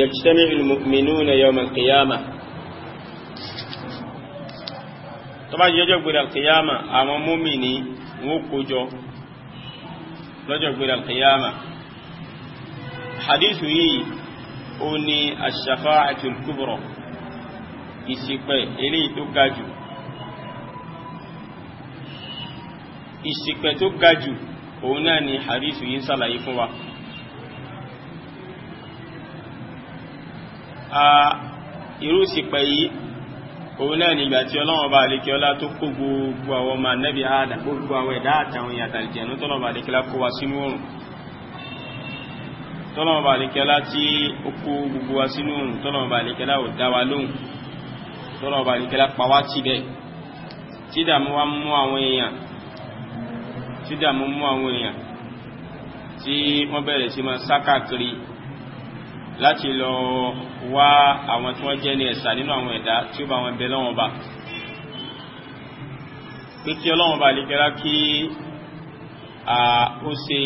yajtami'ul mu'minuna yawmal qiyamah tó bá jẹ́jọ́ gbèrè al-qiyamah àwọn mùmínì wọ́n kójọ lọ́jọ́ gbẹ̀rẹ̀ alkiyama hadithu yìí ó ní ash-shafa'atul kubra ìṣìpẹ̀ eléyìí tó ga jù ìṣìpẹ̀ tó ga jù náà ni hadithu yìí ń fún wa ah, irú ìṣìpẹ̀ yìí òun náà nígbà tí ọlọ́wọ́n bá lè kí ọlá tó kó gbogbo àwọn ọmọ anẹ́bí àdà gbogbo àwọn ẹ̀dá àtàwọn ìyàtà ìjẹ̀nú tọ́lọ́wọ́n bá lè kí ọlá kó wa sínú oòrùn tọ́lọ́wọ́n bá lè kí ọlá tí ó kó gbogbo wa sínú oòrùn tọ́lọ́wọ́n bá lè kí ọlá pa wá tì bẹ́ẹ̀ tí dààmú wa mú àwọn èèyàn tí wọ́n bẹ̀rẹ̀ sí máa sá láti lọ wá àwọn tí wọ́n jẹ́ ní ẹ̀sà nínú àwọn ẹ̀dá tí ó bá wọn bẹ lọ́wọ́n bá pé kí ọlọ́wọ́n bá lè gẹ́rá kí ó ṣe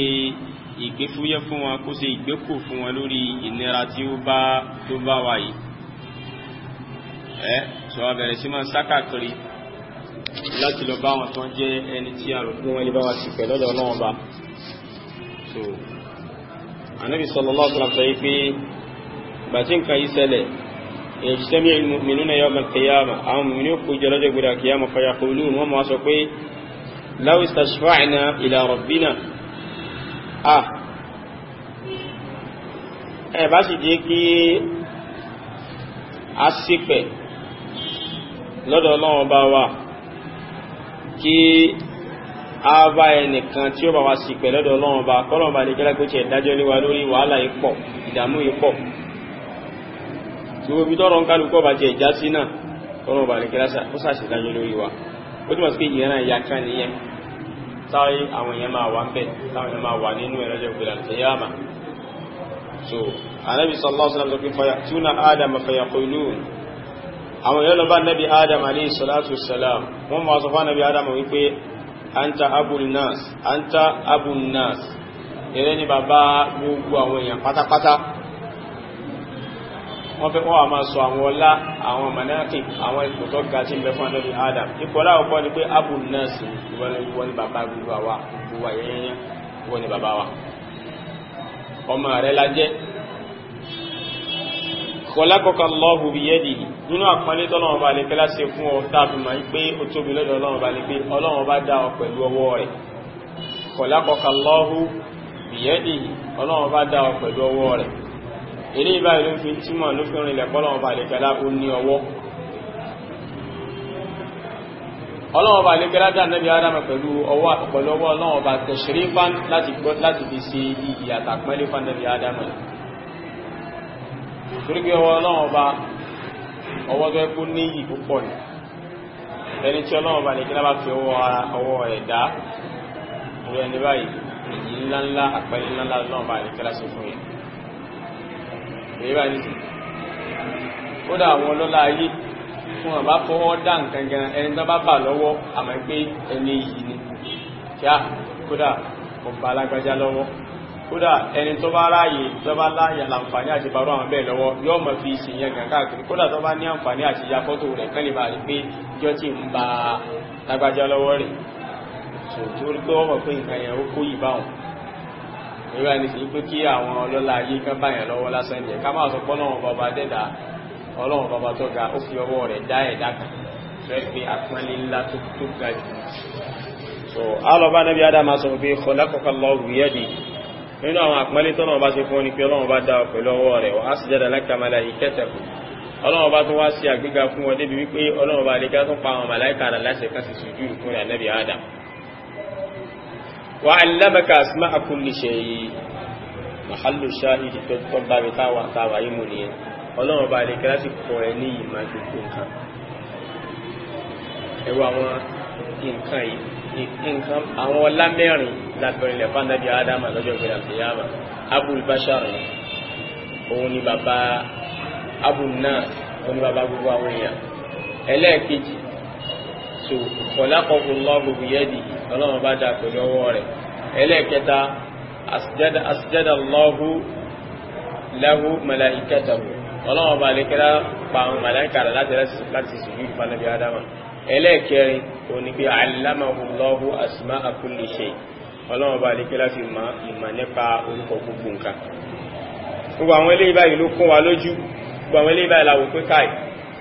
ìgbéfúyẹ́ fún wọn kó ṣe ìgbékò fún wọn lórí ìnira tí ó bá tó bá wà yìí ẹ́ sọ abẹ̀rẹ̀ sí máa sákàkiri láti lọ bá wọn tó jẹ́ ẹni tí a rò fún wọn lè bá wa sì pẹ̀ lọ́dọ̀ ọlọ́wọ́n bá so anabi sallallahu alaihi wasallam sọ yìí pé bàtí nǹkan yìí ṣẹlẹ̀ ìjìsẹ́mí ìmìnúnà yọ́mà kìyàmà àwọn mìnú kú jẹlọ́jọ́ gbìdà kìyàmà fayakulu wọn ma sọ pé law istashfa'na ila rabbina a ẹ bá sì jẹ́ kí a sípẹ̀ lọ́dọ̀ Ọlọ́run bá wà kí a bá ẹnìkan tí ó bá wá sípẹ̀ lọ́dọ̀ Ọlọ́run bá kọ́lọ̀ bá lè kẹ́lẹ́ gbogbo ibi tọ́rọ ń kálukọ́ bá jẹ ìjà sí náà tọ́rọ bá lè kíláṣà ó ṣàṣìdájọ́ lórí wa ó túnmọ̀ sí pé ìyẹn náà ìyá kan nìyẹn táwọn àwọn èèyàn máa wà ń bẹ̀ táwọn èèyàn máa wà nínú ẹ̀rọ́jọ́ anta abul nas anta abun nas ere ni bàbá gbogbo àwọn èèyàn pátápátá wọ́n fẹ́ wọ́n máa sọ àwọn ọlá àwọn manaki àwọn ipò tó ga tí ń bẹ fún ànábì adam ìpọ̀lá ọ̀pọ̀ ni pé abu nurse ìwọ́n ni bàbá gbogbo àwa gbogbo àyẹyẹyẹ ìwọ́n ni bàbá wa ọmọ rẹ̀ lájẹ́ kọlákọ̀ọ́kọ́ lọ́hù bí yẹ́dì nínú àpọ́nlé tọ́lọ́wọ́n bá lè kẹ́lá ṣe fún ọ tàbí pé ó tóbi lọ́dọ̀ ọlọ́wọ́n bá lè ilé ìbáyìí ló fi túmọ̀ ló fi rìnlẹ̀ pọ́lọ́wọ́ bá lẹ́kẹ́lá ó ní ọwọ́ ọlọ́wọ́ bá lẹ́kẹ́lá dá nẹ́bí adama pẹ̀lú ọwọ́ ọ̀pọ̀lọwọ́ ọlọ́wọ́ bá tẹ̀ṣẹ̀rí fán láti fi ṣe iyì àtàpẹ́lẹ́ fán nẹ́bí adama torí pé ọwọ́ ọlọ́wọ́ bá ọwọ́ tó ẹkú ní iyì púpọ̀ ni ẹni tí ọlọ́wọ́ bá lẹ́kẹ́lá bá fi ọwọ́ ẹ̀dá rẹ̀ ní báyìí iyì ńláńlá àpẹẹlẹ ńláńlá ọlọ́wọ́ bá lẹ́kẹ́lá ṣe fún yẹn bẹ́ẹ̀bá ní sí ó dá àwọn ọlọ́lá ayé fún àbá fọwọ́ dá nǹkan gan ẹni tó bá bà lọ́wọ́ àmọ́ pé ẹni yìí ni kíá kódà ọba alágbájá lọ́wọ́ kódà ẹni tó bá ráyè tó bá láyà láǹfààní àti bàrú àwọn bẹ́ẹ̀ lọ́wọ́ yóò mọ̀ fi ṣe yẹn gan káàkiri kódà tó bá ní àǹfààní àti ya fọ́tò rẹ̀ kán lè bá rí pé jọ́ tí ń ba lágbájá lọ́wọ́ rẹ̀ tó tó rí pé wọ́n mọ̀ pé nǹkan yẹn ó kó yìí báwọn ìrọ̀ ẹni kìí pé kí àwọn ọlọ́lá ayé kan báyàn lọ́wọ́ lásán ni ẹ̀ká máa sọ pọ́ lọ́wọ́ bàbá dẹ́dà ọlọ́run bàbá tó ga ó fi ọwọ́ rẹ̀ dá ẹ̀dá kan tó pé apọ́nlé ńlá tó ga jù so alọ́bá nẹ́bí adama sọ pé kọlákọ̀ọ́kọ́ lọ rúyẹ́dì وعلمك أسماء كل شيء محل الشاهد تبا بتاوى تاوى يموني ọlọ́run ọba àlekẹ́ láti kọ ما ní ìmá gbogbo nǹkan ẹwọ àwọn nǹkan yìí nǹkan àwọn ọlá mẹ́rin lábẹ́rinlẹ̀ fánàbí adama lọ́jọ́ ìgbéra àtìyàmà abul bashar òun ni bàbá abul náà òun ni bàbá gbogbo àwọn èèyàn ẹlẹ́ẹ̀kejì so khalaqahu Allahu biyadihi ọlọ́run bá dá pẹ̀lú ọwọ́ rẹ̀ ẹlẹ́ẹ̀kẹta asjada Allahu lahu malaikatahu ọlọ́run bá lè kẹ́lá pa àwọn màláìkà rẹ̀ láti láti sùgbù ìfànàbí adama ẹlẹ́ẹ̀kẹrin o ní pé allamahu Allahu asma'a kulli shay ọlọ́run bá lè kẹ́lá fi ma ìmà nípa orúkọ gbogbo nǹkan gbogbo àwọn eléyìí báyìí ló kún wa lójú gbogbo àwọn eléyìí báyìí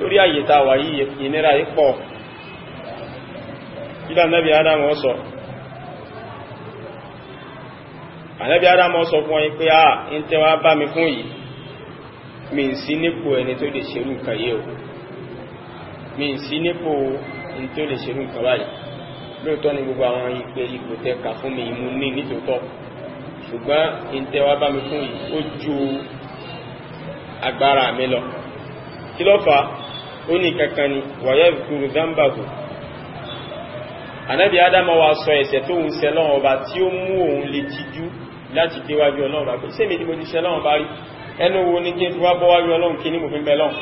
lórí àyè tá wà yìí ìnira yìí pọ̀ kílá nẹ́bí adam ọ̀sọ̀ ànẹ́bí adam ọ̀sọ̀ fún ọyí pé àà ń tẹ́wà bá mi fún yìí mi ń sí nípò ẹni tó lè ṣerú nǹkan o mi ń sí nípò ẹni tó lè ṣerú nǹkan báyìí ni gbogbo àwọn ìpè ipò tẹ́ka fún mi mú ní nítòótọ́ ṣùgbọ́n ń tẹ́wà bá mi fún yìí ó ju agbára mi lọ kí ló ó ní kankan ni wàyẹ̀ kúrú dáńbàbò ànábì ádámà wa sọ ẹ̀ṣẹ̀ tó ń ṣẹ̀ lọ́wọ́ ọba tí ó mú òun lè tijú láti déwájú ọlọ́run ọba pé sẹ́mi ni mo ti ṣẹ̀ lọ́wọ́ ọba rí ẹnu wo ni kí n wá bọ́ wájú ọlọ́run kí ni mo fi ń bẹ lọ́n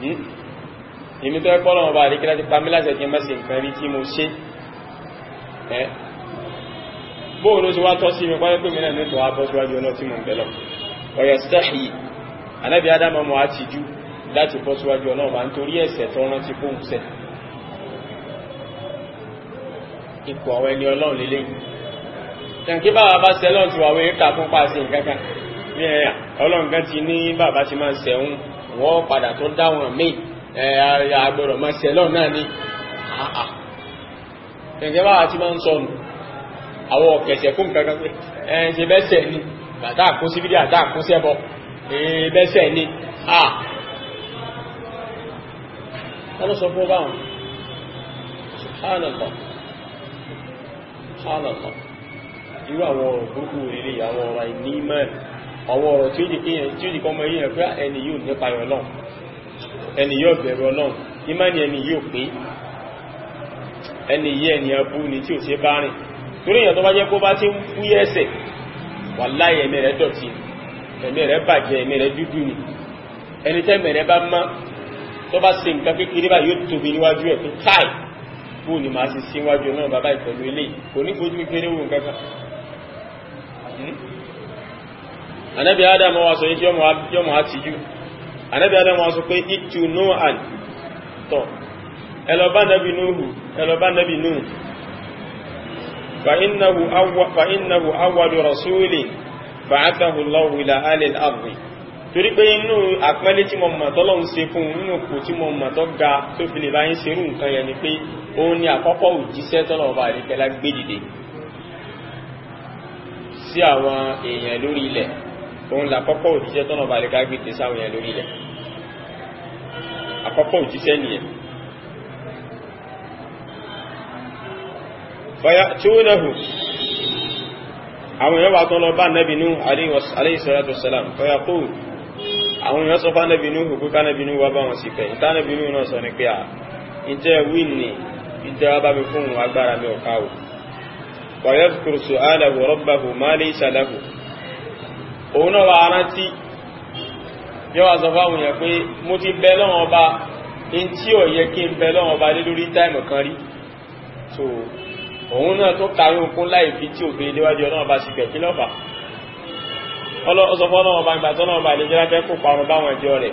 hmm? èmi tó ẹkọ́ lọ́wọ́ ọba àríkẹ́lá ti pa mí láṣẹ kí nǹkan rí tí mo ṣe ẹ́ bóòlù ti wá tọ́ sí mi pàdé pé mìíràn ní tọ́ abọ́ síwájú ọlọ́ tí mo ń bẹ lọ ọ̀yọ̀ láti bọ́ síwájú ọlọ́run bá ń torí ẹ̀ṣẹ̀ tó rántí fún ṣẹ̀ ipò àwọn ẹni ọlọ́run lélẹ̀ tàǹkí bàbá bá sẹ́lọ́n ti wàwé ká fún pàṣẹ ìkankan ní ẹ̀yà ọlọ́run kan ti ní bàbá ti máa sẹ̀hún wọ́n padà tó dáwọn míì àgbọ̀rọ̀ máa sẹ́lọ́n náà ní àà tàǹkí bàbá ti máa ń sọnù àwọn ọ̀kẹ̀ṣẹ̀ fún kankan pé ẹ̀ ń ṣe bẹ́sẹ̀ ni bàtà kó síbídì àtà kó sẹ́bọ̀ ẹ̀ bẹ́sẹ̀ ni ẹnu sọ fún báwọn subhanallah subhanallah irú àwọn ọ̀rọ̀ burúkú rere àwọn ọ̀rọ̀ àìní mẹ́rin àwọn ọ̀rọ̀ tí ó jì kọ́ mọ́ yíyàn pé ẹni yóò nípa ọlọ́run ẹni yóò bẹ̀rù ọlọ́run ìmáni ẹni yóò pé ẹni yí ẹni abú ni tí ò ṣe bá rìn torí èèyàn tó bá jẹ́ kó bá tí ń fú ẹsẹ̀ wà láì ẹ̀mí rẹ̀ dọ̀tí ẹ̀mí rẹ̀ bá máa tó bá ṣe nǹkan kékeré báyìí yóò tóbi níwájú ẹ̀ pé káì bó ni màá ṣe síwájú náà bàbá ìpẹ̀lú ilé kò ní fojú kékeré wò nǹkan kan anabi adam hmm? wa sọ yìí yọmọ àti jù anabi adam wa sọ pé ìtù nohan tọ ẹlọba nabi nuhu ẹlọba nabi nuhu فإنه أول, فإنه أول رسول بعثه الله إلى آل الأرض torí pé inú àpẹẹlẹ tí mo mọ̀ tọ́lọ́run ṣe fún un nínú kò tí mo mọ̀ tọ́ ga tó fi lè báyìí ṣerú nǹkan yẹn ni pé òun ni àkọ́kọ́ òjíṣẹ́ tọ́lọ́run bá rí kẹlá gbé dìde sí àwọn èèyàn lórí ilẹ̀ òun là àkọ́kọ́ òjíṣẹ́ tọ́lọ́run bá rí kẹlá gbé dìde sáwọn èèyàn lórí ilẹ̀ àkọ́kọ́ òjíṣẹ́ nìyẹn. fọyà tí ó náà hù àwọn èèyàn wà tán lọ bá nẹ́bìnú alayhi salatu wassalam fọyà kóòlù àwọn èèyàn sọ fánàbínú hùkú kánàbínú wà bá wọn sí fẹ́ ìtànàbínú náà sọ ní pé à ń jẹ́ wíìn ní ìjẹ́ abámi fún agbára mi ọ̀ká o wàyẹ́fùkúrù sọ aláwọ̀ rọ́bàhù máa lè ṣàdáhù òun náà wà rántí yọ́ wà sọ fáwọn èèyàn pé mo ti bẹ lọ́wọ́ ọba in tí ò yẹ kí n bẹ lọ́wọ́ ọba lé lórí táìmù kan rí so òun náà tó kárí okun láì fi tí ọlọ́sọ̀fọ́ náà bá gbà tọ́nà bá lè jẹ́lá fẹ́ kó parun báwọn ẹjọ́ rẹ̀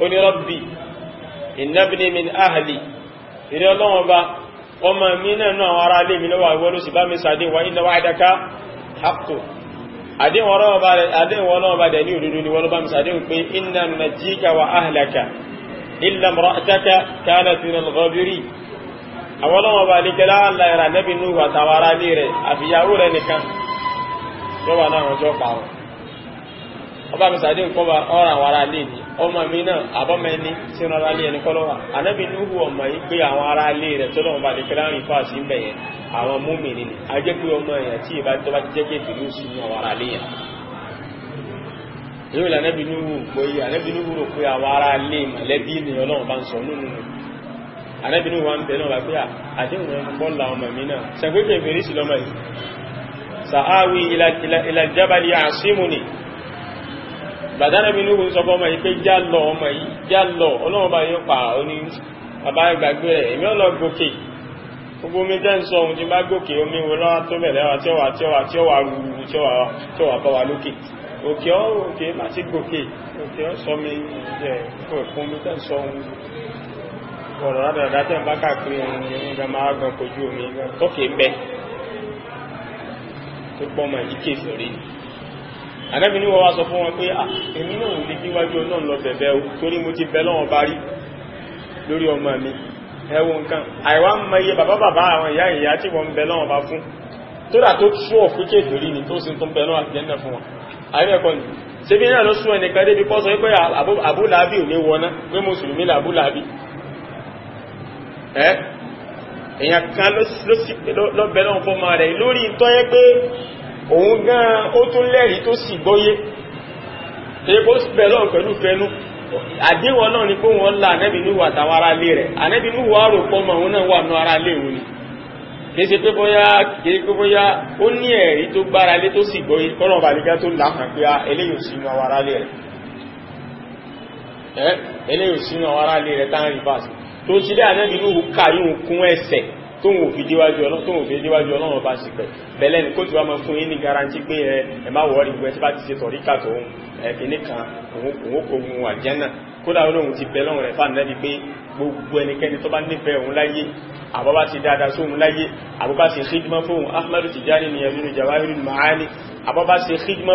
ó ní rọ́bì ìnábìní mi ní àhàlì ìrẹ́ ọlọ́wọ́n bá ọmọ mi náà nú àwọn ará ilé mi lọ́wọ́ àwọn olùsì bá mi sàdé wa iná wá àdáká hapto àdéhùn ọlọ́wọ́n bá dẹ̀ ní òdodo yọ́wà náà wọ́n jọ ọba mi sàdé nkọ́ba ọ̀rọ̀ àwọn ará ilé ni ọmọ mi náà àbọ́mẹ́ni tí ń rárá ilé ẹni kọ́lọ́wà anábì Nuhu ọmọ yìí pé àwọn ará ilé rẹ̀ tọ́lọ́ ọba lè kẹ́lá rìn fáà sí ń bẹ̀yẹn àwọn múmìnì ni a jẹ́ pé ọmọ èèyàn tí ìbá tọ́ba jẹ́ kéèké ló sì ní àwọn ará ilé yẹn yóò lè anábì Nuhu pé anábì Nuhu rò pé àwọn ará ilé mọ̀lẹ́bí ni Ọlọ́run bá ń sọ nínú anábì Nuhu wa ń bẹ̀ náà wá pé àdéhùn ẹni bọ́ọ̀lù àwọn ọmọ mi náà sàgbégbè fèrèsì lọ́mọ yìí sàáwì ìlàjábàlì àṣímù bàdánà mi lóhun sọ ọmọ yìí pé já lọ ọmọ yìí já lọ ọlọ́run bá yóò pa oní bàbá ìgbàgbé rẹ̀ èmi ọ̀nà gòkè gbogbo omi tẹ́ ń sọ ohun tí bá gòkè omi wo lọ́wọ́ tó bẹ̀rẹ̀ wa tí ó wà tí ó wà tí ó wà rúru tí ó wà tí ó wà bá wa lókè òkè ọ́ òkè má ti gòkè òkè ọ́ sọ mi jẹ́ fún omi tẹ́ ń sọ ohun ọ̀rọ̀ rádàrá tẹ́ ń bá káàkiri ohun ni wọ́n gan máa gan kojú omi gan tókè ń bẹ́ tó pọ́ mọ̀ yìí kéfì rí ànábì ní wọ́n wá sọ fún wọn pé ah, èmi náà lè níwájú ọlọ́run lọ bẹ̀bẹ̀ o torí mo ti bẹ lọ́wọ́ bá rí lórí ọmọ mi ẹwọ nǹkan àìwá ń mọye bàbá bàbá àwọn ìyá ìyá tí wọ́n ń bẹ lọ́wọ́ bá fún tó dà tó ṣúọ̀ fún kéèkèrí ni tó sì tó ń bẹ lọ́wọ́ àtìjẹ́ náà fún wọn àìrẹ́kọ́ ni ṣe bí náà òun gan ó tún lẹ́rìí tó sì gbọ́yé epo bẹ̀lọ́ pẹ̀lú fẹ́nu àdéhùn náà ni pé wọ́n ni anẹ́bí níwò àtàwọn ará ilé rẹ̀ anẹ́bí níwò àrò pọ́mọ òun náà wà nù ará ilé òun ni kìí pé bóyá kìí pé bóyá ó ní ẹ̀rí tó gbára lé tó sì gbọ́yé kọ́nà bàlígá tó láhàn pé eléyìí sínú àwọn ará ilé rẹ̀ eléyìí sínú àwọn ará tó ń fi déwájú ọlọ́run tó ń fi déwájú ọlọ́run bá sì pẹ̀ bẹ̀lẹ́ ni kó ti wá máa fún yín ní garanti pé ẹ ẹ má wọ́ọ̀rì gbogbo ẹ tí bá ti ṣe tọ̀rí kàtó òun ẹ kìíní kan òun òun kò gun àjẹ́nà kódà olóhun ti bẹ lọ́run rẹ̀ fáànù lẹ́bi pé gbogbo ẹnikẹ́ni tó bá nífẹ̀ẹ́ òun láyé àbábá ti dáadáa sóhun láyé àbábá ti xidimá fóhun Ahmadu Tijani ni ẹ̀mínú Jawahirul Maani àbábá ti xidimá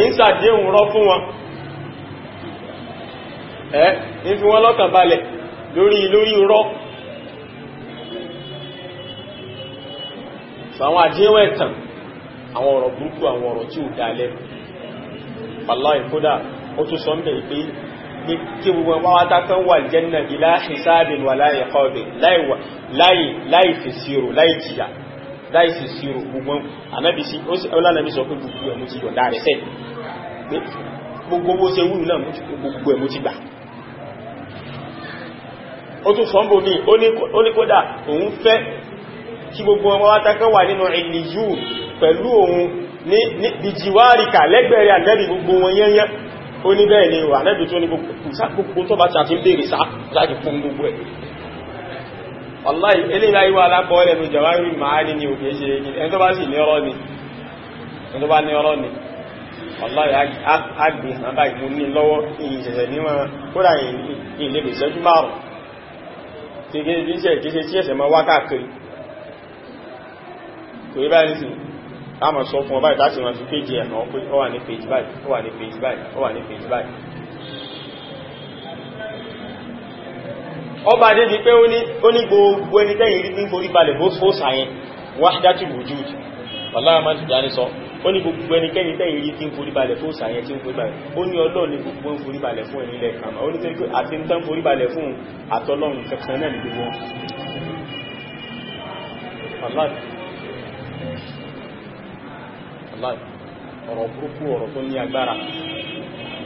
ń sàdéhùn rọ́ fún wọn ẹ́ ń fi wọ́n lọ́kàn balẹ̀ lórí lórí rọ́ àwọn àdéhùn ẹ̀tàn àwọn ọ̀rọ̀ burúkú àwọn ọ̀rọ̀ tí ò dalẹ̀ wallahi kódà ó tún sọ mẹ́ pé ní kí gbogbo pàwátá kan wà janna bila hisabin wà láì kọ́bẹ̀ láì fèsìrò láì jìyà láìsí ìṣirò gbogbo ànábì sí ọlọ́nàbí sọ pé gbogbo ẹ̀ mo ti yọ̀ǹda rẹ̀ sẹ́ pé gbogbo bó ṣe wúlù náà gbogbo ẹ̀ mo ti gbà ó tún sọ ń bò mí ó ní kódà òun fẹ́ kí gbogbo ọmọ wa takẹ́ wà nínú ìlìyù pẹ̀lú òun ní ìjìwárìkà lẹ́gbẹ̀rẹ̀ ànábì gbogbo wọn yẹ́yẹ́ ó ní bẹ́ẹ̀ ni wà ànábì tó ní gbogbo tó bá ti àti ń béèrè sá láti fún gbogbo ẹ̀ wàláì eléyìí wa lápọ̀ọ́lẹ̀ ní jàwárí màárí ni òkè ṣe ní ẹni tó bá sì ní ọ̀rọ̀ ni ẹni tó bá ní ọ̀rọ̀ ni wàláì àgbè àbá ìmú ní lọ́wọ́ ìṣẹ̀ṣẹ̀ níwọ̀n kódà ìlébè ìṣẹ́jú márùn tí kéṣe tí ẹ̀ṣẹ̀ mọ́ wákàkiri kò yí báyìí sí táàmà sọ fún ọba ìtàṣìwọ̀n sí péjì ẹ̀nà ó wà ní péjì báyìí ó wà ní péjì báyìí ó wà ní péjì báyìí ọba débi pé ó ní gbogbo ẹni tẹ́yìn rí ní forí balẹ̀ bó fó sàyẹn wahdatul wujud wallahi máa ti dáni sọ ó ní gbogbo ẹni tẹ́yìn tẹ́yìn rí tí ń forí balẹ̀ fó sàyẹn tí ń forí balẹ̀ ó ní Ọlọ́run ní gbogbo ń forí balẹ̀ fún ẹni ọ̀rọ̀ burúkú ọ̀rọ̀ tó ní agbára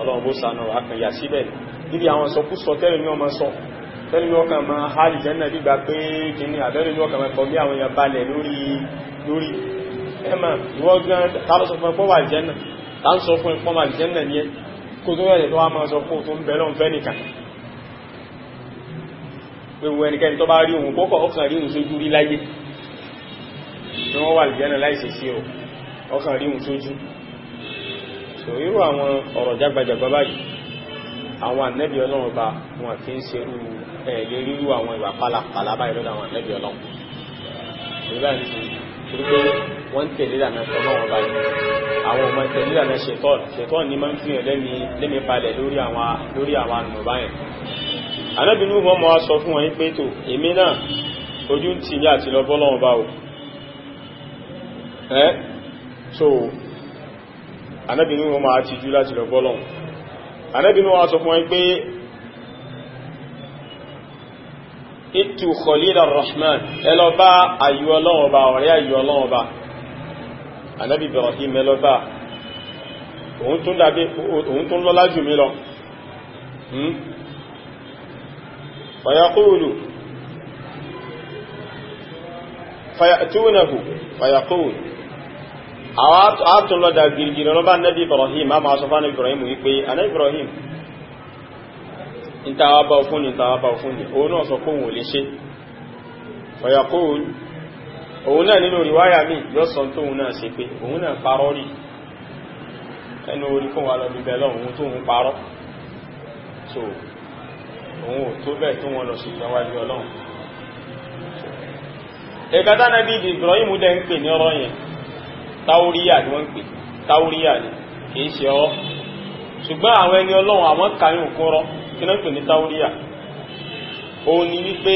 ọlọ́run bó sànà àkànyà síbẹ̀ níbi àwọn sọkúsọ tẹ́lẹ̀ ní ọmọ sọ tẹ́lẹ̀ ní ọkàn máa hálì jẹ́nà gbígbà pé kìíní àbẹ́rẹ̀ ní ọkàn máa kọ̀ bí àwọn èèyàn balẹ̀ lórí lórí ẹ̀mà ìwọ́gán tàbí fún ẹ̀pọ́ wà jẹ́nà tá ń sọ fún ẹ̀pọ́ wà jẹ́nà ní ẹ kó tó rẹ̀ tó wá gbogbo ẹnikẹ́ni tó bá rí òun kókọ̀ ọkàn rí òun sójú rí láyé ni wọ́n wà jẹ́nà láìsẹ̀ sí ọ ọkàn rí òun sójú so irú àwọn ọ̀rọ̀ jágbajàgba báyìí àwọn ànẹ́bí ọlọ́run bá wọn kì í ṣerú ẹ̀ẹ́lẹ́ rírú àwọn ìwà pálapàla báyìí lọ́dọ̀ àwọn ànẹ́bí ọlọ́run ìrírá ní ti rí pé wọ́n ń tẹ̀lé ìlànà ọlọ́run báyìí àwọn ọmọ tẹ̀lé ìlànà ṣetán ṣetán ni máa ń fi hàn lẹ́mi lẹ́mi palẹ̀ lórí àwọn lórí àwọn ànà báyìí ànẹ́bí ní wọ́n mọ̀ sọ fún wọn pé tó èmi náà ojú ń tì ní àti lọ bá o ẹ́ so anábìnú wọn máa ti jú láti lọ bọ́lọ̀un anábìnú wọn sọ fún wọn pé ìtù khalil ar-rahman ẹlọba ayú ọlọ́wọ́ba ọ̀rẹ́ ayú ọlọ́wọ́ba anábì Ibrahim ẹlọba òun tún lọ́lá jù mí lọ hmm? fayaqulu fayatunahu àwọn àtúnlọ́dà gírígírí lọ́bá nẹ́bí Ibrahim a máa sọ fánà Ibrahim wípé aná Ibrahim ní tàwà bá fún ní tàwà bá fún ní òun náà sọ kó wò lè ṣe ọ̀yàkóhun òun náà nínú ríwáyà mi lọ́sàn tó òun náà ṣe pé òun náà parọ́ rí wọn lọ sí ìyàwájú Ọlọ́run ẹ̀kátánẹ́bí Ibrahim dẹ́ ń pè ní ọ̀rọ̀ táwóríyà ni wọ́n ń pè táwóríyà ni kìí ṣe ọ́ ṣùgbọ́n àwọn ẹni ọlọ́run àwọn kàyún òkúrọ́ kí náà pè ní táwóríyà òun ni wípé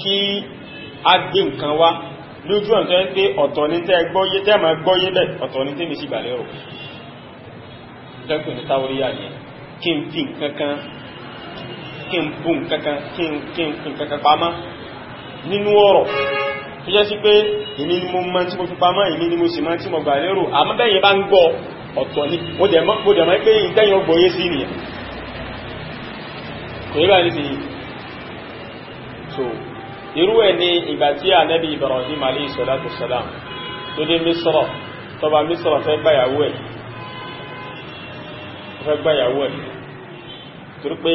kí a gbé nǹkan wá lójú ọ̀n tó ń pé ọ̀tọ̀ ní tẹ́ gbọ́yé tẹ́ máa gbọ́yé bẹ̀ ọ̀tọ̀ ní tẹ́ mi sì gbàlẹ́ rò tẹ́kù ní táwóríyà ni kí n fi nǹkan kan kí n bù nǹkan kan kí n fi nǹkan kan pamọ́ nínú ọ̀rọ̀ tó jẹ́ sí pé èmi ni mo mọ̀ tí mo fi pamọ́ èmi ni mo sì mọ̀ tí mo gbà lérò àmọ́ bẹ́yìn bá ń gbọ́ ọ̀tọ̀ ni mo dẹ̀ mọ̀ pé ìtẹ́yìn ọgbọ̀yé sí nìyẹn kò yíra ní sí so irú ẹ̀ ni ìgbà tí ànábì Ibrahim alayhi salatu salam tó dé mísọ̀rọ̀ torí pé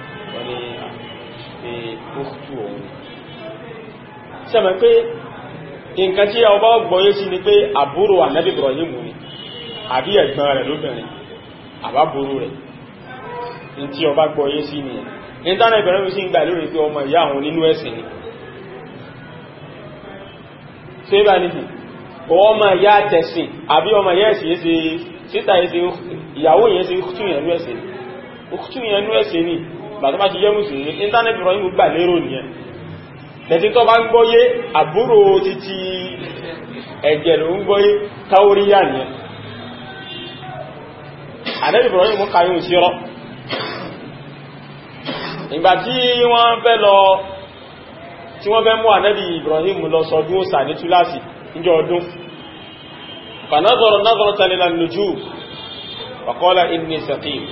wọ́n ní pé ó tú òun sẹ́mẹ̀ pé nǹkan tí ọba gbọ́yé sí ni pé àbúrò ànábì Ibrahim ni àbí ẹ̀gbọ́n rẹ̀ lóbìnrin àbábúrò rẹ̀ ní tí ọba gbọ́yé sí ni ẹ̀ ìtànà Ibrahim sí ń gbà lórí pé ọmọ ìyá àwọn nínú ẹ̀sìn ni ṣe bá nìsìn ọmọ ìyá tẹ̀sìn àbí ọmọ ìyá ẹ̀sìn ṣe síta ìyàwó yẹn ṣe ìkútù yẹn nú ni bàtọ́ bá ti jẹ́ mùsùlùmí internet Ibrahim gbà lérò nìyẹn tẹ̀sí tó bá ń gbọ́yé àbúrò títí ẹ̀jẹ̀ ló ń gbọ́yé táóríyà nìyẹn ànábì Ibrahim mú kayún sí rọ́ ìgbà tí wọ́n fẹ́ lọ tí wọ́n fẹ́ mú ànábì Ibrahim lọ sọdún òsà ní túláàsì níjọ ọdún fanazọrọ nazọrọ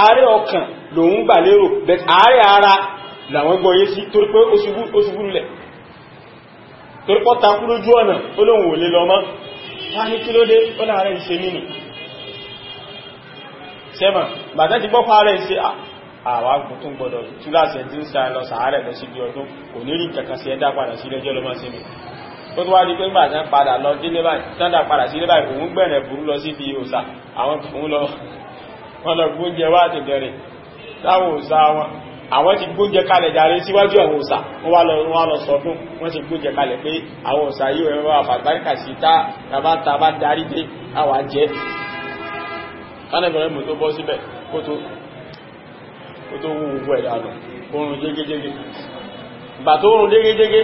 àárẹ̀ ọkàn lòun gbà lérò but àárẹ̀ ara làwọn gbọ́yé sí torí pé ó ṣubú lẹ̀ torí pọ́ takú lójú ọ̀nà olóhun ò lè lọ mọ́ wá ní kí ló dé ó láàrẹ̀ ìṣe nínú sẹ́mà bàtẹ́ ti gbọ́pá rẹ̀ ṣe àwà tó gbọ́dọ̀ túláṣẹ tí ń sáà lọ sàárẹ̀ lọ sí bí ọdún kò ní rí kankan sí ẹ̀dá padà sí lẹ́jọ́ wọ́n lọ gbóúnjẹ wá ti bẹ̀rẹ̀ táwọn òsà wọn àwọn ti gbóúnjẹ kalẹ̀ jàre síwájú àwọn òsà wọ́n wá lọ sọdún wọ́n ti gbóúnjẹ kalẹ̀ pé àwọn òsà yìí wọ́n wá fàgbáríkà sí tá tàbátà bá darí dé àwà jẹ́ kánẹ̀bẹ̀rẹ̀ mú tó bọ́ síbẹ̀ kó tó wú gbogbo ẹ̀dà lọ oorun jégéjégé ìgbà tó oorun jégéjégé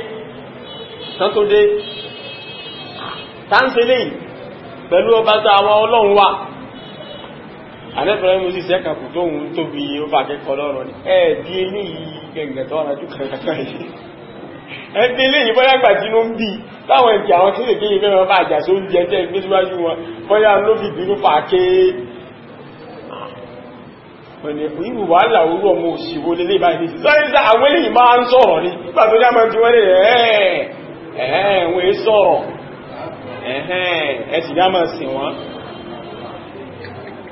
tán tó dé táǹsẹ̀ lẹ́yìn pẹ̀lú ọba tó àwọn ọlọ́run wa anẹ́bẹ̀rẹ̀ mo sì sẹ́kà kù tó ń tóbi ó bá kẹ́kọ̀ọ́ lọ́rọ̀ ni ẹ bí ilé yìí gẹ̀ǹgẹ̀ tó ọ̀rọ̀ jù kàkàkà yìí ẹ bí ilé yìí bóyá gbà tí ló ń bì táwọn ìdí àwọn kéékèèké yìí fẹ́ràn bá àjà só ń jẹ tẹ́ gbé síwájú wọn bóyá ló fi bínú fà ké ọ̀nà ìwù wàhálà orú ọmọ òṣìwò lélẹ́ báyìí sí sọ́rí sá àwọn eléyìí máa ń sọ̀rọ̀ ni nígbà tó dá máa ti wọ́n lè ẹ̀ẹ́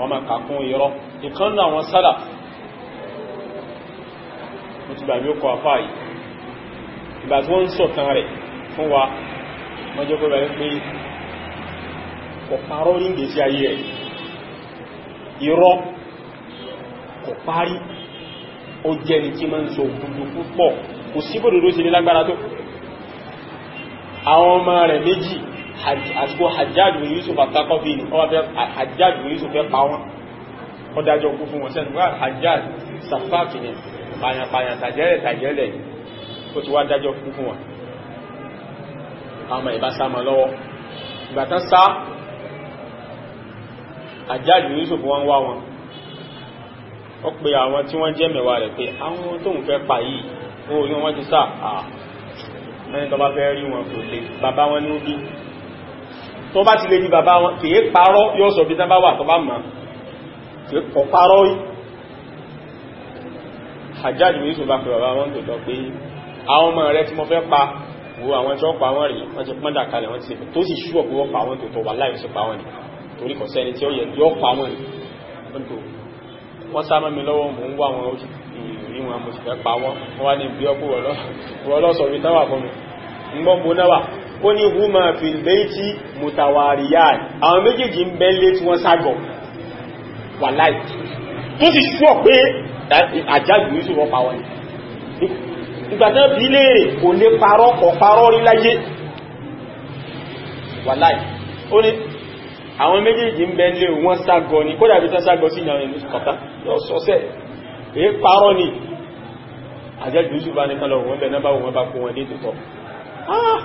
wọ́n máa kàkún irọ́ ìkan náà wọn sálà mo ti gbàgbé ọkọ̀ àfáà yìí ìgbà tí wọ́n ń sọ̀tàn rẹ̀ fún wa wọ́n jẹ́ pẹ́lú pé kò parọ́ ní ìgbésí ayé rẹ̀ irọ́ kò parí ó jẹ́ ní tí máa ń sọ òkúdù púpọ̀ kò sí ní àsìkò Hajjaj bin Yusuf àtàkọ́bí ni wọ́n fẹ́ Hajjaj bin Yusuf fẹ́ pa wọ́n wọ́n dájọ́ kú fún wọn sẹ́nu wọ́n Hajjaj sàfáàkì ni pàyàpàyà tàjẹ́rẹ̀ tàjẹ́rẹ̀ ó ti wá dájọ́ kú fún wọn àmọ́ ìbá sá mọ́ lọ́wọ́ ìgbà tán sá Hajjaj bin Yusuf wọ́n wá wọn ó pe àwọn tí wọ́n jẹ́ mẹ́wàá rẹ̀ pé àwọn tóun fẹ́ pa yìí ó rí ti sá ẹni tó bá fẹ́ rí wọn kò lè bàbá wọn ní ó bí tó bá ti lè di bàbá wọn kìí parọ́ yóò sọ bí tán bá wà tó bá mọ̀ kò parọ́ yìí Hajjaj ní ìṣòbá pé bàbá wọn tó tọ́ pé àwọn ọmọ rẹ tí mo fẹ́ pa wo àwọn tí wọ́n pa wọ́n rí wọ́n ti pọ́n dà kalẹ̀ wọ́n ti ṣe tó sì ṣúwọ̀ pé wọ́n pa wọ́n tó tọ́ wà láì sí pa wọ́n ni torí kò sẹ́ni tí ó yẹ yọ́ pa wọ́n ni wọ́n sá mọ́ mi lọ́wọ́ mò ń wá wọn ìrìn wọn mo sì fẹ́ pa wọ́n wọ́n wá ó ní huma filbeiti mutawariyan àwọn méjèèjì ń bẹ́lé tí wọ́n ságọ̀ wà láì tó sì sọ pé àjájú ní ṣùgbọ́n pàwọn ìgbàtán bí lè kò lè parọ́ kọ̀ parọ́ rí láyé wà láì ó ní àwọn méjèèjì ń bẹ́lé wọ́n ságọ̀ ní kó dàbí tán ságọ̀ sí ìyàwó ìlú kọ̀tá lọ sọ́sẹ̀ èé parọ́ ni àjájú ní ṣùgbọ́n nìkan lọ wọ́n bẹ̀ náà bá wọ́n bá kó wọn dé tó tọ́ ah!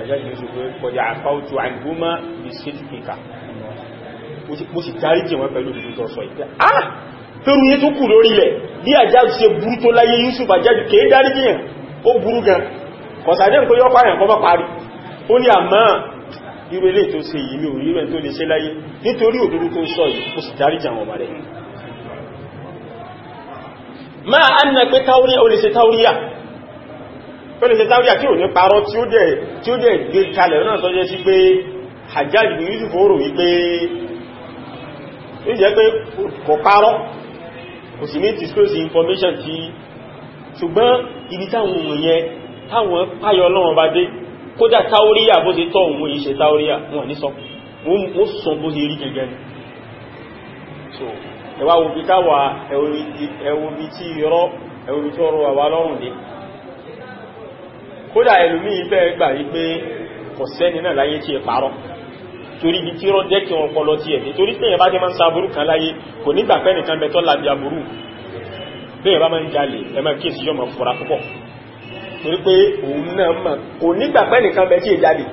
àjájì ní ṣùgbọ́n kọjá àfáwùtù àìgbómá bí sílì pìkà mo sì dárí jẹ wọn pẹ̀lú ìdúdú tó ah tóru yẹ tó kù lórí rẹ̀ bí àjájì ṣe burú tó láyé Yusuf àjájì kéé dárí jẹyàn ó burú gan kọ̀sàdé nǹkan yọ pààyàn kọ́ bá parí ó ní àmọ́ irú ilé tó ṣe yìí mi ò rí rẹ̀ tó lè ṣe láyé nítorí òdúdú tó sọ yìí mo sì dárí jẹ wọn bàrẹ̀ máa á pé táwíyà ó lè ṣe táwíyà tó lè ṣe táwídà tí ò ní parọ́ tí ó dẹ̀ gbé kalẹ̀ náà tó jẹ́ sí pé Hajjaj bin Yusuf ó rò wípé ó jẹ́ pé kò parọ́ kò sì ní disclose information tí ṣùgbọ́n ibi táwọn ohun yẹn táwọn páyọ lọ́wọ́n bá dé kódà táóríyà bó ti tọ́ òun ìṣe táóríyà wọn ní sọ wọ́n sọ bó ti rí gẹ́gẹ́ ni so ẹwà òbí táwà ẹwà òbí tí irọ́ ẹwà òbí tí ọrọ̀ àwà lọ́rùn dé kódà ẹlòmí ìfẹ́ gbà yí pé kò sẹ́ni náà láyé tí ẹ parọ́ torí ibi tí rọ́ jẹ́ kí wọn pọlọ tí ẹ̀ ní torí pé ẹ̀bá jẹ́ máa ń sa aburú kan láyé kò nígbà pẹ́ nìkan bẹ tọ́ lábí aburú bí ẹ̀bá máa ń jalè ẹ̀mọ́ kíyèsí yọ́ máa fura púpọ̀ torí pé òun náà mà kò nígbà pẹ́ nìkan bẹ tí ẹ jalè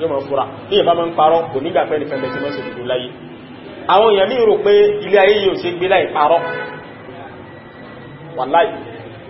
yọ́ máa fura bí ẹ̀bá máa ń parọ́ kò nígbà pẹ́ nìkan bẹ tí wọ́n ṣe dúdú láyé àwọn èèyàn ní rò pé ilé ayé yóò ṣe gbé láì parọ́ wàláì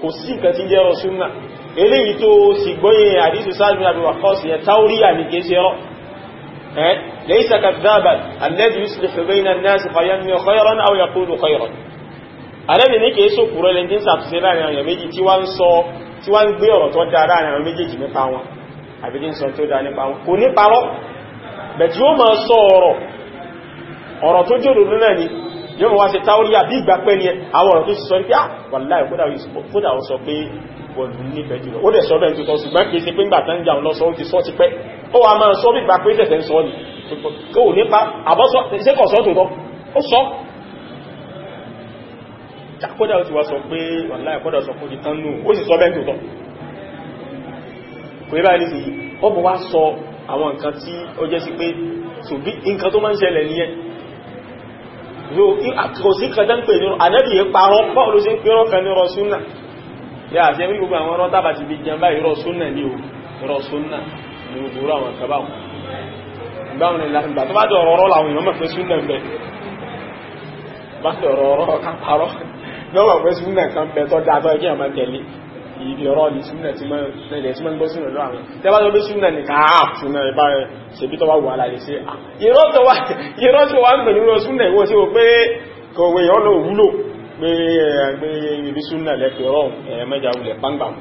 kò sí nǹkan tí jẹ́ rọ̀súnà eléyìí tó sì gbọ́yẹ àdísù sáàbí àbúwà kọ́sì yẹn táóríyà ní kéèsì rọ̀ ẹ́ lẹ́yìn sàkàtàbà alẹ́dì yusuf fẹ̀bẹ́yìn náà sì fàyà ní ọkọ̀yọ̀rọ̀ náà yà kó lùkọ̀yọ̀rọ̀ alẹ́dì ní kéèsì òkúrọ̀ lẹ́ndí sàtúnṣe láàrin àwọn méjì tí wọ́n sọ tí wọ́n gbé ọ̀rọ̀ tó dáa láàrin ní yóò wá ṣe táwọ́líyà bí ìgbà pẹ́ ni àwọn ọ̀rọ̀ tó sì sọ ní pé à wà láì kódà ó sọ pé bọ̀lù nífẹ̀ẹ́ jùlọ ó dẹ̀ sọ bẹ́ẹ̀ tuntun ṣùgbọ́n kìí ṣe pé ńgbà tán jà lọ sọ ó ti sọ ti pẹ́ ó wà máa sọ bí ìgbà pé ṣẹ̀ṣẹ̀ ń sọ ni kò nípa àbọ́sọ ṣé kò sọ tòótọ́ ó sọ kódà ó ti wá sọ pé wà láì kódà sọ pé ó ti tán nù ó sì sọ bẹ́ẹ̀ tuntun kò ní báyìí nísìnyí ó bọ̀ wá sọ àwọn nǹkan tí ó jẹ́ sí kò sí kan tán pè ní ànábì yẹn parọ́ báwo ló ṣe ń pè rọ́ kan ní rọ súnà yà àti ẹ̀mí gbogbo àwọn ọ̀rọ̀ tábà ti fi jẹun báyìí rọ súnà ní o rọ súnà ní gbogbo àwọn ìkàbà wọn ìgbàwọn ìlànà tó bá dọ̀ ọ̀rọ̀ làwọn èèyàn mọ̀ pé súnà ń bẹ bá dọ̀ ọ̀rọ̀ ọ̀rọ̀ kan parọ́ lọ́wọ́ pé súnà kan bẹ tó dáa tó ẹgbẹ́ àmọ́ tẹ̀lé ibi ọ̀rọ̀ ní súnà tí mọ́ ilẹ̀ tí mọ́ ń gbọ́ súnà lọ́wọ́ àwọn tẹ́bá tó bí súnà ní káà ah, ah, súnà ìbá rẹ̀ ṣèbí tó wá wà láyé sí ìrọ́ ah, tó wà ń pè nínú súnà ìwọ́ sí o pé kòwé ọlọ́ òwúlò pé ẹgbẹ́ ibi súnà lẹ́pẹ̀ ọ̀rọ̀ mẹ́jà wulẹ̀ báńgbàm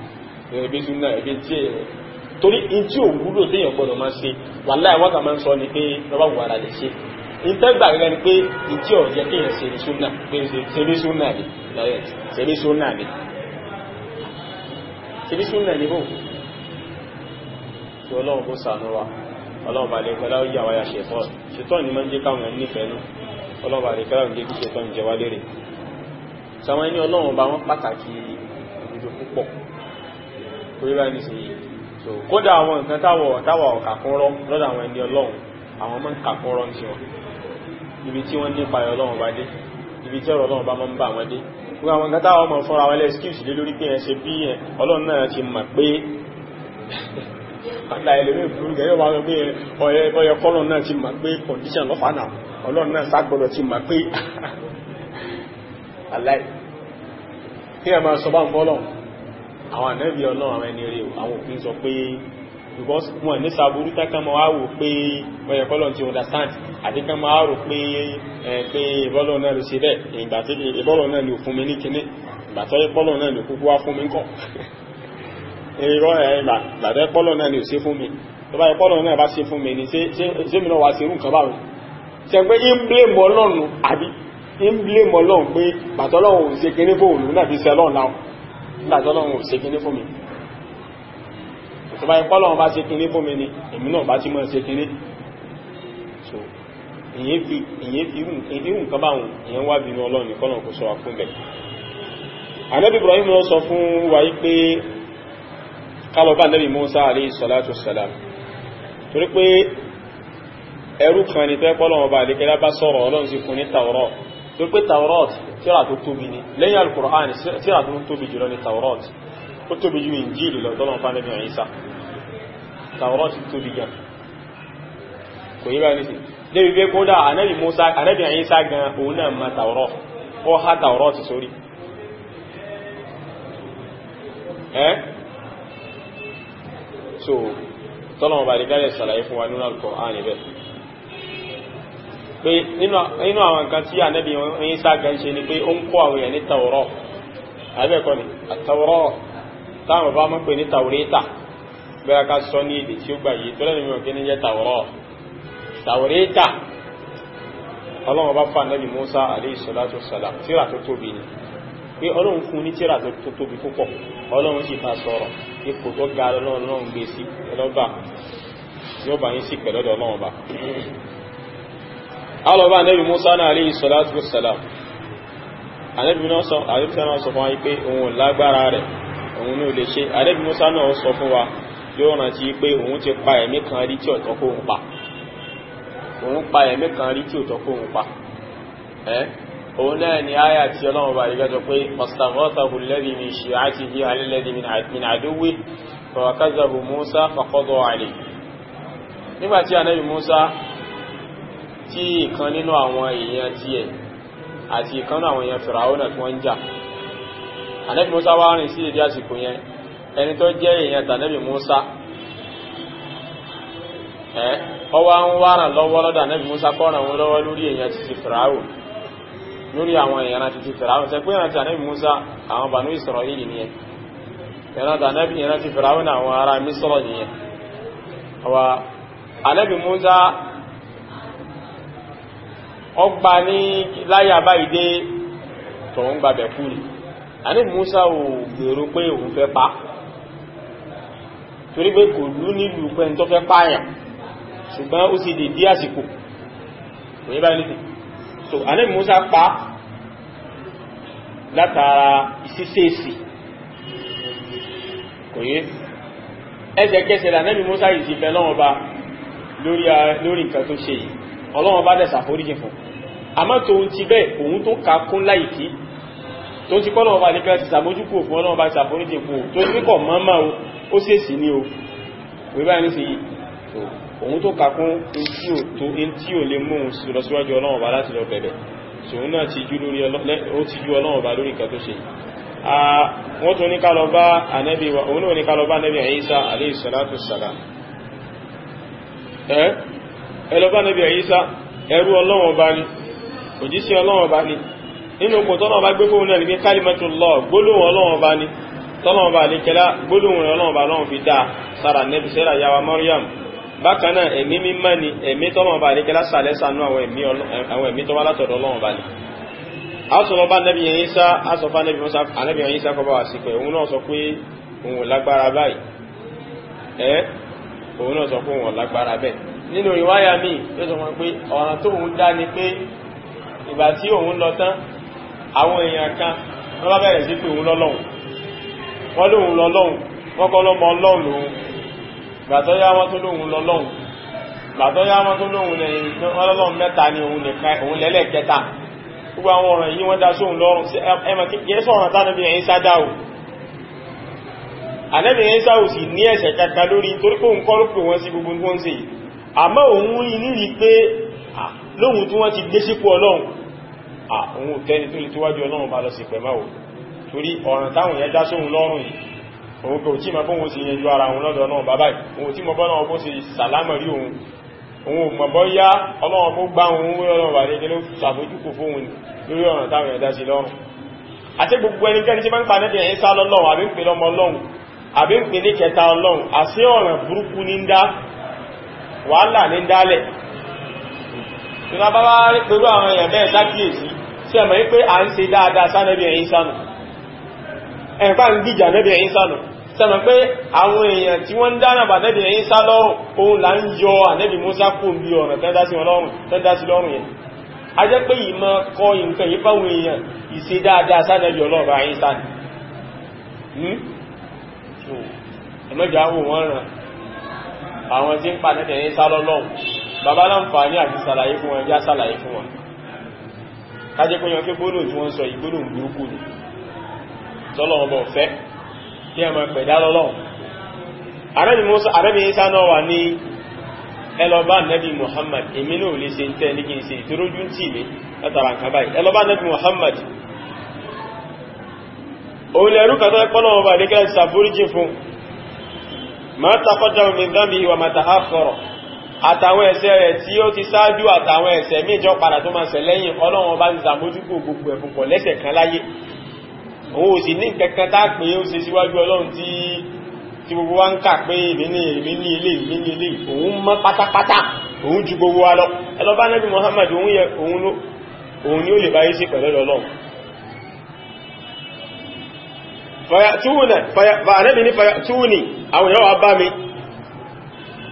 ibi súnà ibi tí ẹ̀ torí in tí ò wúlò téèyàn gbọdọ̀ máa ṣe wà láì wọ́n kà máa ń sọ ni pé lọ́wọ́ wà láyé sí ìtẹ́gbà gẹ́gẹ́ ni pé ìtí ọ̀jẹ́ kéèyàn ṣe ní súnà pé ṣe ní súnà ni ṣebí súnnà níbò tí ọlọ́run kó sànú wa ọlọ́run bá lè pẹ́lá yà wáyà ṣètọ́ ṣètọ́ ni máa ń jẹ́ káwọn ẹni nífẹ̀ẹ́ nú ọlọ́run bá lè pẹ́lá ń jẹ́ kí ṣètọ́ ń jẹ wá lérè sàwọn ẹni ọlọ́run bá wọ́n pàtàkì ìdúdó púpọ̀ torí bá ní sèyí ibi tí wọ́n nípa ọlọ́run bá dé ibi tí ọ̀rọ̀ ọlọ́run bá máa ń bá wọn dé wọ́n àwọn gátà ọmọ fọ́ra wọn lẹ́skíùsì lé lórí pé ẹ ṣe bí ẹ ọlọ́run náà ti mọ̀ pé ọ̀dà ẹlẹ́mí ìfúrúgẹ̀ yóò wá pé pé condition lọ́fà náà ọlọ́run náà ságbọ́dọ̀ ti mọ̀ pé aláì kí ẹ máa sọ bá ń bọ́lọ̀ àwọn ànẹ́bí ọlọ́run àwọn ẹni pé because wọn ní sàbúrú tẹ́kàn máa wò pé ọ̀yẹ̀kọ́lọ̀ ti understand àti kan máa rò pé pé ìbọ́lọ̀ náà ló ṣe bẹ́ẹ̀ ìgbà tí ìbọ́lọ̀ náà ló fún mi ní kíní ìgbà tó yẹ náà ló kúkú wá fún mi kàn irọ́ ẹ̀ ìgbà tó yẹ náà ló ṣe ni ṣé mi náà wá sí irú nǹkan báwọn ṣe pé ń blame Ọlọ́run àbí ń blame Ọlọ́run pé bàtọ́lọ́run ò ṣe kíní fóònù náà fi fún mi tó bá yẹ pọ́lọ̀ bá ṣe kìíní fún mi ni èmi náà bá ti mọ́ ṣe kìíní so èyí fi ìhùn kan bá wọn èyàn wá bínú ọlọ́run nìkọ́nà kò sọ wà fún bẹ̀ Ànábì Ibrahim lọ sọ fún wa yí pé kálọ̀bá Ànábì Musa alayhi salatu wassalam torí pé ẹrú kan ni fẹ́ pọ́lọ̀ ọba àdékẹ́lá bá sọ̀rọ̀ ọlọ́run sì fún ní Tawrat torí pé Tawrat tíra tó tóbi ni lẹ́yìn Al-Qur'an tíra tó tóbi jùlọ ni Tawrat ó tóbi ju ìnjíìlì lọ tọ́lọ̀ fún ànábì Ìsá tàwọ́rọ́ ti tóbi gan kò yí báyìí nìsín débi pé kódà ànábì Mùsá ànábì Ìsá gan òun náà ma tàwọ́rọ́ ó há tàwọ́rọ́ ti sórí ẹ́ so tọ́lọ̀ bá dìgbàlẹ̀ sàlàyé fún wa nínú Al-Qur'an níbẹ̀ pé nínú àwọn nǹkan tí ànábì Ìsá gan ṣe ni pé ó ń kó àwọn èèyàn ní tàwọ́rọ́ àbẹ́ẹ̀kọ́ ni àtàwọ́rọ́ táwọn bá mọ́ pé ní tàwórítà bẹ́ẹ̀ ká sọ ní èdè tí ó gbà yìí tó lẹ́nu mìíràn ní jẹ́ tàwórọ̀ ọlọ́run bá fà nẹ́bí Musa alayhi tíra tó tóbi ni pé ọlọ́run fún ní tíra tó tóbi púpọ̀ ọlọ́run sì ta sọ̀rọ̀ ipò tó ga ọlọ́run gbé sí ọlọ́ba bá yín sí ọlọ́run Musa náà sọ òun ní ò ṣe àdẹ́bí musa náà sọ fún wa yóò rántí pé òun ti pa ẹ̀mí kan rí tí ọ̀tọ́ kóhun pa òun pa ẹ̀mí kan rí tí ọ̀tọ́ kóhun pa ẹ́ òun náà ni àyà tí ọlọ́run bá rígá sọ pé mustapha hulẹ́dì ní ṣe àti bí alẹ́lẹ́dì ní àdúwé fọwọ́kázahu musa fọkọ́dọ̀ àlè nígbà tí ànábì musa tí ìkan nínú àwọn èèyàn tiẹ̀ àti ìkan nínú àwọn èèyàn fìràwọ́nà tí wọ́n ń jà ànábì Musa wá rìn sí èdè àsìkò eni to je jẹ́ ta tànábì Musa ẹ́ ọwá ń wára lọ́wọ́ lọ́dọ̀ ànábì Musa kọ́ràn wọn lọ́wọ́ lórí èèyàn títí fìràwò lórí àwọn èèyàn na fìràwò tẹ́ pé ìrántí ànábì Musa àwọn Banu Israili nìyẹn ìrántí ànábì ìrántí fìràwò ní ara ará Misra nìyẹn ọwá ànábì Musa ọgbà ní àní Musa ò gbèrò pé òun fẹ́ pa torí pé kò lú nílùú pẹ́ tó fẹ́ pààyàn ṣùgbọ́n ó sì lè dí àsìkò òye bá nìtì so àní Musa pa látara ìsísèsì kò yé ẹsẹ̀kẹsẹ̀ lànẹ́bí Musa yìí ti bẹ lọ́wọ́ bá lórí nǹkan tó ṣe yìí Ọlọ́run bá dẹ̀ ṣàforíjì fún àmọ́ tòun ti bẹ́ẹ̀ òun tó kakún láìkí tó ti kọ́lọ̀ ọba àdékẹ́ ti sàmójúkò fún ọlọ́ọ̀bá ìsàforíjì kò tó ti pípọ̀ mọ́mọ́ o ó sì sí ní o wíwá ní sí òun tó kàkún in tí ò lè mú lọsíwájú ọlọ́ọ̀bá láti lọ bẹ̀bẹ̀ ṣòun náà ti ju ọlọ́ọ̀bá lórí nǹkan tó ṣe wọ́n tó ní kálọba ànábì wa òun náà ní kálọba ànábì Ìsá alayhi salatu wassalam ẹlọba ànábì Ìsá ẹrú ọlọ́wọ̀n bá ní òjíṣẹ́ ọlọ́wọ̀n bá ní nínú kò tọ́nà bá gbé fóun náà ní kalimatullah gbólóhùn ọlọ́run bá ní tọ́nà bá lè kẹlá gbólóhùn ọlọ́run bá lọ́run fi dáa sára nẹ́bí sẹ́ra yàwá Maryam bákan náà ẹ̀mí mímọ́ ni ẹ̀mí tọ́nà bá lè kẹlá sàlẹ̀ sànú àwọn ẹ̀mí tọ́wá látọ̀dọ̀ ọlọ́run bá ní. a sọ bá nẹ́bí yẹn yín sá a sọ fá nẹ́bí yẹn sá kọ́ bá wà sí pé òun náà sọ pé òun lágbára báyìí ìgbà tí òun lọ tán àwọn èèyàn kan wọ́n bá bẹ̀rẹ̀ sí pé òun lọ́lọ́run wọ́n lóun lọ́lọ́run wọ́n kọ́ lọ́mọ ọlọ́run lòun gbàtọ́yá wọn tó lóun lọ́lọ́run gbàtọ́yá wọn tó lóun lẹ́yìn ọlọ́run mẹ́ta ni òun nìkan òun lẹ́lẹ́kẹta gbogbo àwọn ọ̀ràn yìí wọ́n dá sóhun lọ́rùn ẹmọ kìí sọ̀rọ̀ tánàbí ẹ̀yìn sádá o ànẹ́bì ẹ̀yìn sáà sì ní ẹ̀ṣẹ̀ kaka lórí torí pé òun kọ́ ló pè wọ́n sí gbogbo wọ́n sí àmọ́ òun rí nírí pé lóhun tí wọ́n ti gbé sípò ọlọ́run àwọn òtẹ́ni tó lè tó wájú ọlọ́run bá lọ sí pẹ̀mọ́ ò torí ọ̀ràn táwọn yẹn dá sóhun lọ́rùn yìí òun kò tí ma bọ́ òun sì yẹn ju ara òun lọ́dọ̀ ọlọ́run bàbá yìí òun tí mo bọ́ náà bó ṣe sàlámà rí òun òun ò mọ̀ bọ́ yá ọlọ́run bó gbá òun wé ọlọ́run bàbá yẹn ló ṣàbójúkò fóun lórí ọ̀ràn táwọn yẹn dá sí lọ́rùn àti gbogbo ẹnikẹ́ni tí bá ń pa nẹ́bí ẹ̀yìn sá wọ́n bá wá pẹ̀lú àwọn èèyàn bẹ́ẹ̀ sákìyèsí ṣe mọ̀ pé a ń ṣe dáadáa sánẹ́bì ẹ̀yìn sánù ẹ̀fà ń gbìjà nẹ́bì ẹ̀yìn sánù ṣe mọ̀ pé àwọn èèyàn tí wọ́n ń dáná bà nẹ́bì ẹ̀yìn sá lọ́rùn ohun là ń yọ ànẹ́bì Musa kò bí ọ̀nà tẹ́dásí lọ́rùn yẹn a jẹ́ pé ìmọ̀ kọ nǹkan yìí fáwọn èèyàn ìṣe dáadáa sánẹ́bì ọlọ́ọ̀bà hmm? ẹ̀yìn sánù ẹ̀mẹ́jọ àwọn wọn ràn àwọn tí ń pa nẹ́bì ẹ̀yìn sá lọ́lọ́run àti sàlàyé fún wọn sàlàyé fún wọn kájẹ́ kó yàn kí gbólò tí wọ́n sọ ìgbólò burúkú ni tọ́lọ̀wọ́n bọ̀ fẹ́ kí a máa pẹ̀dá lọ́lọ́run arẹ́bì Musa arẹ́bì Isa náà wà ní ẹlọ́bá nẹ́bì Muhammad èmi náà lè ṣe tẹ́ ní kí n ṣe ìtìrójú tí mi látara nǹkan báyìí ẹlọ́bá nẹ́bì Muhammad òun lẹ́rú àtàwọn ẹ̀ṣẹ̀ rẹ̀ tí ó ti ṣáájú àtàwọn ẹ̀ṣẹ̀ méjọ padà tó máa ṣẹ̀ lẹ́yìn ọlọ́run ọba ti sàmójúkò gbogbo ẹ̀fún pọ̀ lẹ́sẹ̀ kan láyé òun ò sì ní kankan tá pé ó ṣe síwájú ọlọ́run tí tí gbogbo wa ń kà pé èmi ní èmi ní ilé èmi ilé òun mọ́ pátápátá òun ju gbogbo wa lọ ẹlọ́ba nẹ́bí Muhammad òun yẹ òun ló òun ni ó lè báyé sí pẹ̀lú ọlọ́run fàyàtúwùnì àwọn èèyàn wà mi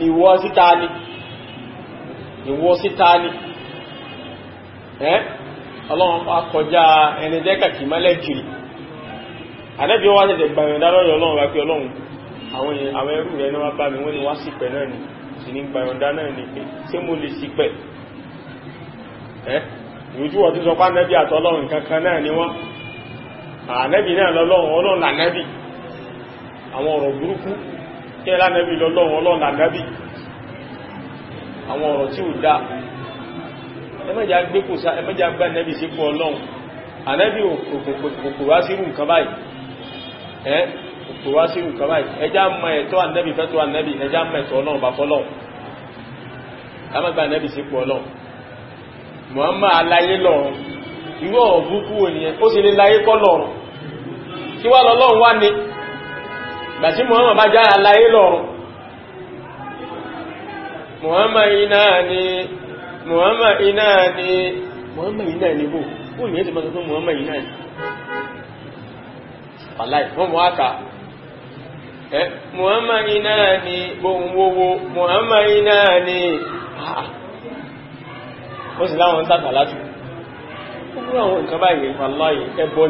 ìwọ síta ni ìwọ síta ni ẹ́ ọlọ́run pa kọjá ẹni dẹ́kàkì mẹ́lẹ̀ jìrì àdẹ́bí wá tẹ̀tẹ̀ gbàyàn dárọ́yọ̀ ọlọ́run wá pé ọlọ́run àwọn ẹrù rẹ̀ ní wá bá mi wọ́n ni wá sípẹ̀ náà ni sì ní gbàyàn dá náà ni pé ṣé mo lè sípẹ̀ ẹ́ ìrújú ọ̀tún sọ pá nẹ́bí àwọn ọ̀rọ̀ burúkú kí ẹlá nẹ́bí lọ́lọ́run ọlọ́run ànábì àwọn ọ̀rọ̀ tí ò dá ẹmẹ́jà gbé kò sá ẹmẹ́jà gbá nẹ́bí sí kú ọlọ́run ànábì kò wá sírù nǹkan báyìí ẹ́ kò wá sírù nǹkan báyìí ẹjá mọ ẹ̀tọ́ ànábì fẹ́tọ́ ànábì ẹjá mọ ẹ̀tọ́ ọlọ́run bá fọ́lọ́run kámẹ́ gbá nẹ́bí sí kú ọlọ́run Muhammad aláyé lọ́run irú ọ̀rọ̀ gbàtí Muhammad bá já aláyé lọ́rùn Muhammad iná ni Muhammad iná ni Muhammad iná ni bò ó ní ẹ̀sìn mọ́sán fún Muhammad iná ni pàláì wọ́n mọ́ àkà ẹ́ Muhammad iná ni bóhun wówó Muhammad iná ni ah, ó sì láwọn sátà látù ó kúrò àwọn nǹkan báyìí pàláì ẹbọ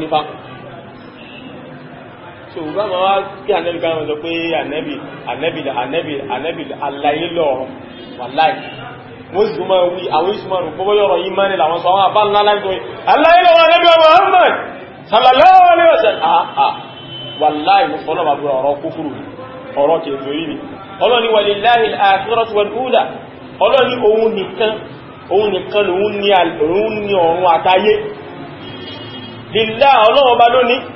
so báwọn wá kí ànẹ́bì káwọn sọ pé ànẹ́bì ànẹ́bì ànẹ́bì ànẹ́bì alayé lọ wàláì wọ́n sì tún máa wí àwọn ìsù máa rò pọ́pọ́ yọ̀rọ̀ yìí máa ní làwọn sọ àwọn àbá ńlá láì tóyìn alayé lọ ànẹ́bì ọmọ Muhammad sallallahu alaihi wasallam àà ah, ah. wàláì mo sọ́nà bàbá ọ̀rọ̀ kúkúrú ọ̀rọ̀ kèfè yìí ni ọlọ́ni wà líláhìl àkírọ́tù wal ula ọlọ́ni òun nìkan òun nìkan lòun ní ọ̀run àtayé lílá ọlọ́run ọba lónìí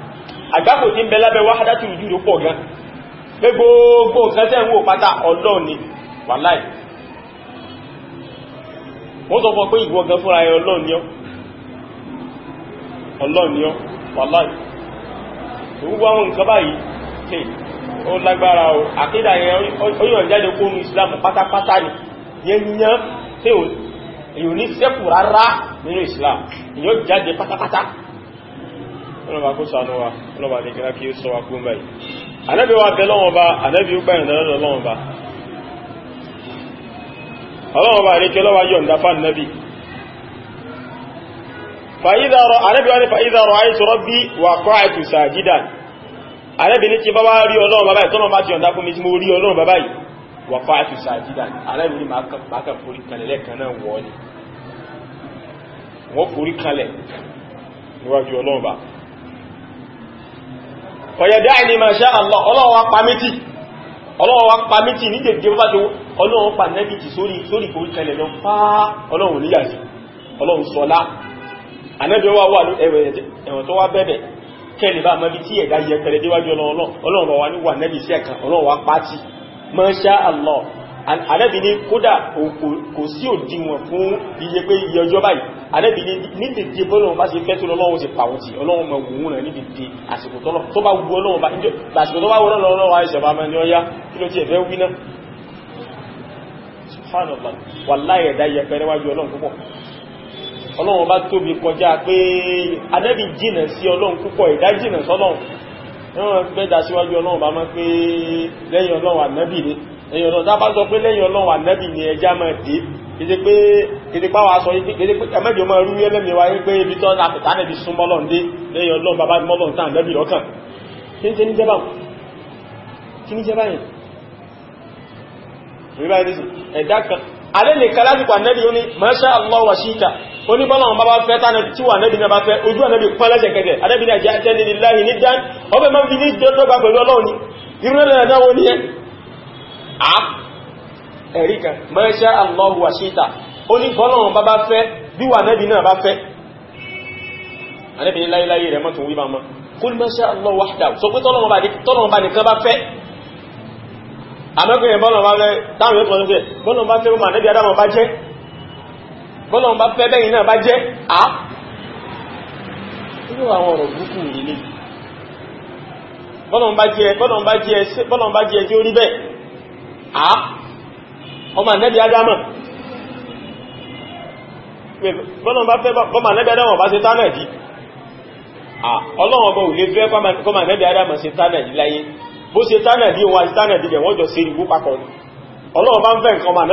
àgbákò tí ń bẹ lábẹ́ wahadatu wujud pọ̀ gan pé gbogbo nǹkan tẹ́ ń wò pátá Ọlọ́run ni wàláì wọ́n sọ fún pé ìwọ gan fúnra ẹ Ọlọ́run ni ọ́ Ọlọ́run ni ọ́ wàláì gbogbo àwọn nǹkan báyìí ṣe ó lágbára o àkídà yẹn oyún ìjáde kónú Islam pátápátá ni yẹn yán tí èyàn ní sẹ́kù rárá nínú Islam èyàn jáde pátápátá ọlọ́ba kó sànú wa ọlọ́ba ní kíra kí ó sọ wa kú ń báyìí ànábì wa tẹ lọ́wọ́ bá ànábì ó gbàyàn lọ́dọ̀ lọ́wọ́ bá ọlọ́wọ́ bá àríkẹ́ lọ́wọ́ yọ̀ ǹdà fáà nábì ànábì wa ní fa'idha ra'aytu rabbi wa qa'atu sajidan ànábì ní ti bá wá rí ọlọ́wọ́ bàbá ìtọ́nà bá ti ọ̀dá fún mi tí mo rí ọlọ́wọ́ bàbá yìí wa qa'atu sajidan ànábì ní máa kà forí kalẹ̀ lẹ́ẹ̀kan náà wọ́n ni wọ́n forí kalẹ̀ níwájú ọlọ́wọ́ bàbá ọ̀yẹ̀dá ẹni ma ṣá Allah ọlọ́wọ́ wa pàmítì ọlọ́wọ́ wa pàmítì ní dèdè bá ti ọlọ́wọ́ pa nẹ́bìtì sórí sórí kò kẹlẹ̀ lọ fáá ọlọ́run níyàjì ọlọ́run sọlá anẹ́bẹ̀wà wà ní ẹ̀wọ̀n tó wá bẹ̀bẹ̀ kẹlẹ̀ bá mẹ́bí tí ẹ̀dá yẹ kẹlẹ̀ déwájú ọlọ́run ọlọ́run wà ní Ànábì ní kódà kò sí òdiwọ̀n fún iye pé iye ọjọ́ báyìí Ànábì ní ní dìde bọ́lọ́run bá ṣe fẹ́ tó lọ́wọ́ ti pàwọn tí Ọlọ́run mọ̀ wù náà ní dìde àsìkò tó bá wù Ọlọ́run bá àsìkò tó bá wù Ọlọ́run lọ́wọ́ àìṣẹ̀ bá mẹ́ ní ọya kí ló ti ẹ̀fẹ́ wí náà subhanallah wallahi ẹ̀dá yẹpẹrẹ wájú Ọlọ́run púpọ̀ Ọlọ́run bá tóbi kọjá pé Ànábì jìnà sí Ọlọ́run púpọ̀ ẹ̀dá jìnà sọ́lọ́run ẹ̀wọ̀n gbẹ́dà síwájú Ọlọ́run bá mọ́ pé lẹ́yìn Ọlọ́run ànábì ni lẹ́yìn ọlọ́run tá sọ pé lẹ́yìn ọlọ́run ànábì ni ẹja máa dé kéde pé kéde pá wa sọ yìí kéde pé ẹmẹ́jọ máa rú ẹlẹ́mìí wa yìí pé ibi tó àpẹta nẹ́bi sún mọ́lọ́run dé lẹ́yìn ọlọ́run bàbá mọ́lọ́run tá ànábì lọ́kàn kí ní jẹ́ ní jẹ́bà kí ní jẹ́bà yẹn rí báyìí nísìn ẹ̀dá kan alẹ́ nìkan lásìkò ànábì ó ní masha Allah wa shita oníbọ́lọ̀wọ̀n bá bá fẹ́ tí wà nẹ́bí náà bá fẹ́ ojú ànẹ́bí pán lẹ́sẹ̀kẹ́sẹ̀ ànẹ́bí náà jẹ́ àtẹ́lẹ́lẹ́láhì ní dán ọbẹ̀ máa ń fi ní ìjọ́ tó gbà pẹ̀lú ọlọ́run ní irú ẹ̀lẹ́lẹ́dáwó ní ẹ àá ẹ̀rí kan mẹ́ṣẹ́ àlọ́wà ṣíta ó ní bọ́lọ̀run bá bá fẹ́ bí wà nẹ́bì náà bá fẹ́ anẹ́bìnrin láyéláyé rẹ̀ mọ́tún wíbá mọ́ kúl mẹ́ṣẹ́ àlọ́wà ṣíta sọ pé tọ́lọ̀run bá nìkan bá fẹ́ àmẹ́kùnrin bọ́lọ̀run bá fẹ́ táwọn yóò tọ́lọ́run fẹ́ bọ́lọ̀run bá fẹ́ ó mà nẹ́bì adámọ̀ bá jẹ́ bọ́lọ̀run bá fẹ́ bẹ́yìn náà bá jẹ́ àá inú àwọn ọ̀rọ̀ burúkú nílé bọ́lọ̀run bá jẹ́ tí ó rí bẹ́ẹ̀ à ọmọ ànẹ́bí adama! bọ́nà bá fẹ́ bọ́mà ànẹ́bí adámọ̀ bá ṣe tánà jí ọlọ́wọ́n bọ̀ lè fẹ́ kọmà ànẹ́bí adámọ̀ ṣe tánà jí láyé bó ṣe tánà jí wọ́n ṣe tánà jí jẹ wọ́n jọ ṣe ìwú papọ̀ ọlọ́wọ́n bá ń fẹ́ nǹkan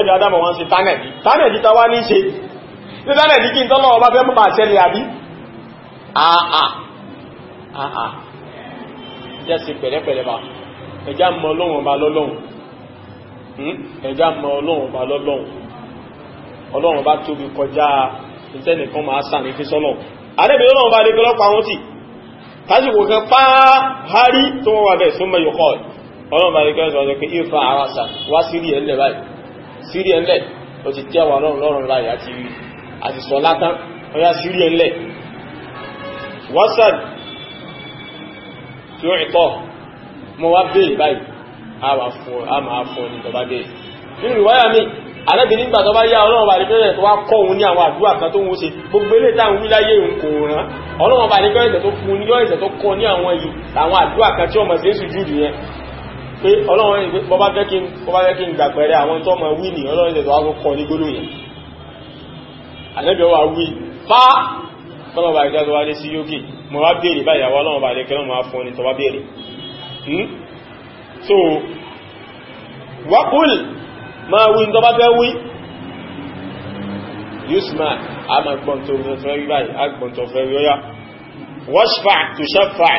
ta wá ní ṣe ní tánà jí kí n tọ́lọ́wọ́ bá fẹ́ mọ́ bá àbí Hmm? ẹ̀já mọ ọlọ́run ọba lọ́lọ́run ọlọ́run ọba tóbi kọjá ìtẹ́nìkan máa sàn ní fíṣọ́lọ̀ arẹ́bìnrin ọlọ́run ọba adékọ́ lọ́pàá wọn tì tásìkò kan pàá hárí tó wọ́n wà bẹ́ẹ̀ súnmọ́ yóò kọ́ ọlọ́run ọba adékọ́ sọ pé ìfà ara sà wá sírí ẹ̀lẹ̀ báyìí sírí ẹ̀lẹ̀ ó ti tẹ́wà ọlọ́run lọ́rùn báyìí àti sọ látán ọya sírí ẹ̀lẹ̀ wọ́sàn tí ó ìtọ́ mo wá bẹ́ẹ̀ a máa fún ní tọba bẹ́ẹ̀ nínú ìwáyà mi alẹ́bìnrin nígbà tọba yá ọlọ́run bá rí pẹ́rẹ́ tó wá kọ́ òun ní àwọn àdúrà kan tó ń ṣe gbogbo ilé tá à ń wí láyé òun kò rán ọlọ́run bá rí pẹ́rẹ́ tó fún ní ọ̀ẹ̀sẹ̀ tó kọ́ ní àwọn yìí àwọn àdúrà kan tí ọmọ sí jù nìyẹn pé ọlọ́run bọ́bá fẹ́ kí n gbà àwọn tó mọ̀ wí ní ọlọ́run ìṣẹ̀ so wákùl máa wí tó bá fẹ́ wí yusma a máa gbọ́n tó fẹ́ rí báyìí a gbọ́n tó fẹ́ rí ọyá washfa to shafa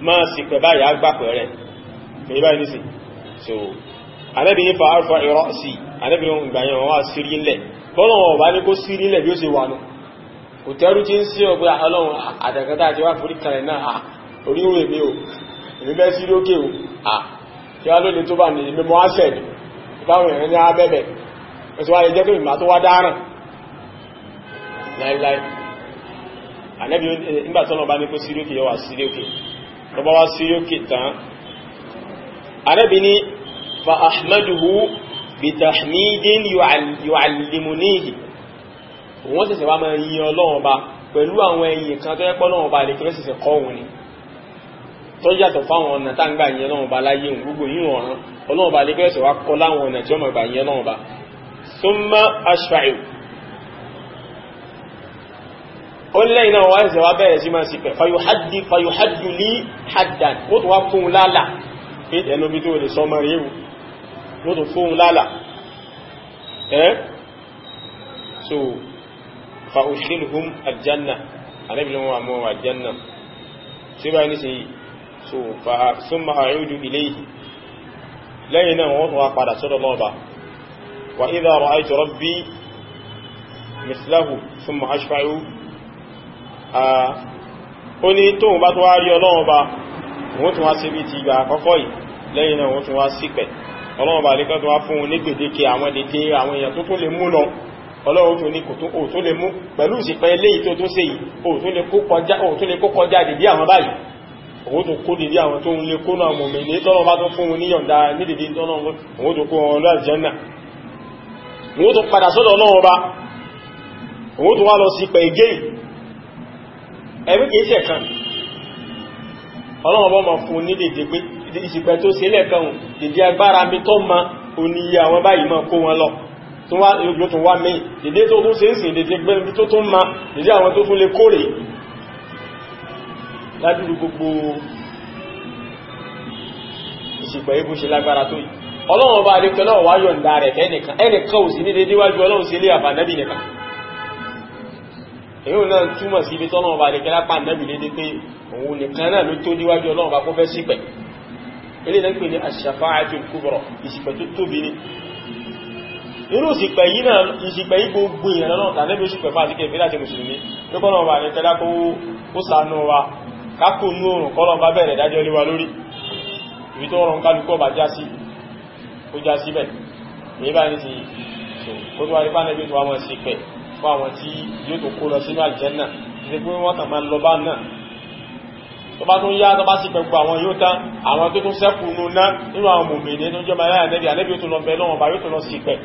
máa sì pẹ̀ báyìí a gbà pẹ̀ rẹ̀ pẹ̀ báyìí nísì so anẹ́bìnrin fa arfa irasi anẹ́bìnrin gbàyàn wọ́n wá sírí lẹ̀ bọ́lọ̀ wọn bá ní kó sírí lẹ̀ bí ó sì wà nù kò tẹ́rù tí ń sí ọgbẹ́ ah, ọlọ́run àtẹ̀kẹ́ta àti wá forí kalẹ̀ náà ah, orí òwe mi ò èmi bẹ́ sírí ókè o ah, kí á lónìí tó bá ní mímọ́ asẹ̀dì báwọn èèyàn ní abẹ́bẹ̀ ẹ̀sọ́ wáyé jẹ́ pé ìmá tó wá dáràn láíláí ànẹ́bí ìgbàtọ́nà eh, bá ní kó sírí òkè yọ wà sírí òkè tó bá wá sírí òkè tán ànẹ́bí ní fa ahmaduhu bi tó yàtọ̀ fáwọn ọ̀nà tá ń gbà yẹn lọ́wọ́ ba láyé òun gbogbo yìí ọ̀ràn ọlọ́wọ́ ba lè kẹ́sẹ̀ wá kọ́ láwọn ọ̀nà tí ọmọ ìgbà yẹn lọ́wọ́ ba summa ashfa'u ó lẹ́yìn náà wá ẹ̀sẹ̀ wá bẹ̀rẹ̀ sí máa sì pẹ̀ fayuhaddi fayuhaddu haddan ó tó wá fóun lálà pé ẹnu bí tó lè sọ ọmọ rẹ̀ ó tó fóun lálà ẹ́ so fa ushilhum aljanna àrẹ́bìnrin wọn àmọ́ aljanna síbáyé nísìnyí so fa súnmà àrídù ilé lẹ́yìn náà wọ́n tún wá padà sọ́dọ̀ lọ́ọ̀bà wà idha ra'aytu rabbi mislahu súnmà ashfa'u ó ní tóun bá tó wá rí ọlọ́ọ̀bà wọ́n tún wá sí bí ti ìgbà àkọ́kọ́ yìí lẹ́yìn náà wọ́n tún wá sípẹ̀ ọlọ́ọ̀bà àríkọ́ tó wá fún un ní gbèdéke àwọn dédé àwọn èèyàn tó tó lè mú lọ ọlọ́run tó ní kò tó òtó lè mú pẹ̀lú ìsìnkẹ́ ilé ìtò tó ṣe yìí òtó lè kó kọjá dédé àwọn báyìí òun tó kó dìdí àwọn tó ń lè kó náà mọ̀mí ní tọ́nà bá tó fún un níyọ̀nda ní dìdí tọ́nà òun tó kó wọn lọ àlùjánnà òun tó padà sọ́dọ̀ náà ọba òun tó wá lọ sí pẹ̀gẹ́ ẹ̀mí kìí ṣẹ̀ kan ọlọ́run ọba máa fún un ní dìdí pé ìsìpẹ̀ tó ṣe lẹ́ẹ̀kan dìdí agbára mi tó ma oníyẹ àwọn báyìí máa kó wọn lọ tó wá ìlú tó wá mí dìdí tó tún ṣe ń sìn dìdí gbẹ́ni tó tún ma dìdí àwọn tó tún lè kórè ládùúrú gbogbo ìsìnkọ̀ ibú ṣe lágbára tó yìí ọlọ́run ọba adékọ́ náà wá yọ̀ǹda rẹ̀ ẹnìkan ẹnìkan ò sí ní dédé wájú ọlọ́run sí ilé àbànẹ́bì nìkan èyí náà túmọ̀ sí ibi tọ́lọ́run ọba adékọ́ lápá nẹ́bì lédé pé òun nìkan náà ló tó níwájú ọlọ́run ọba kó fẹ́ sípẹ̀ ilé náà pè ní àṣàfáàjò kúbọ̀rọ̀ ìsìnkọ̀ tó tóbi ní irú ìsìnkọ̀ yìí náà ìsìnkọ̀ yìí gbogbo ìrànlọ́nà tàbí oṣù pẹ̀fà àti kẹfẹ́ láti mùsùlùmí lókọ́nà ọba àrẹ́tẹ́lá kó sànú wa kákò ní oòrùn kọ́lọ̀ bá bẹ̀rẹ̀ dájọ́ léwa lórí ibi tó rọrùn kálukọ́ bá já sí ó já síbẹ̀ ní bá ní ti kó tó wá nípa níbi tó àwọn sí pẹ̀ fún àwọn tí yóò tó kó lọ sínú àlùjánnà ṣe pé wọ́n kàn máa ń lọ bá náà tó bá tún yá tó bá sì pẹ̀gbọ́ àwọn yóò tán àwọn tó tún sẹ́kù nù ná nínú àwọn mòmìnir tó jẹ́ màláyà nẹ́bí ànẹ́bí tó lọ bẹ sí pẹ̀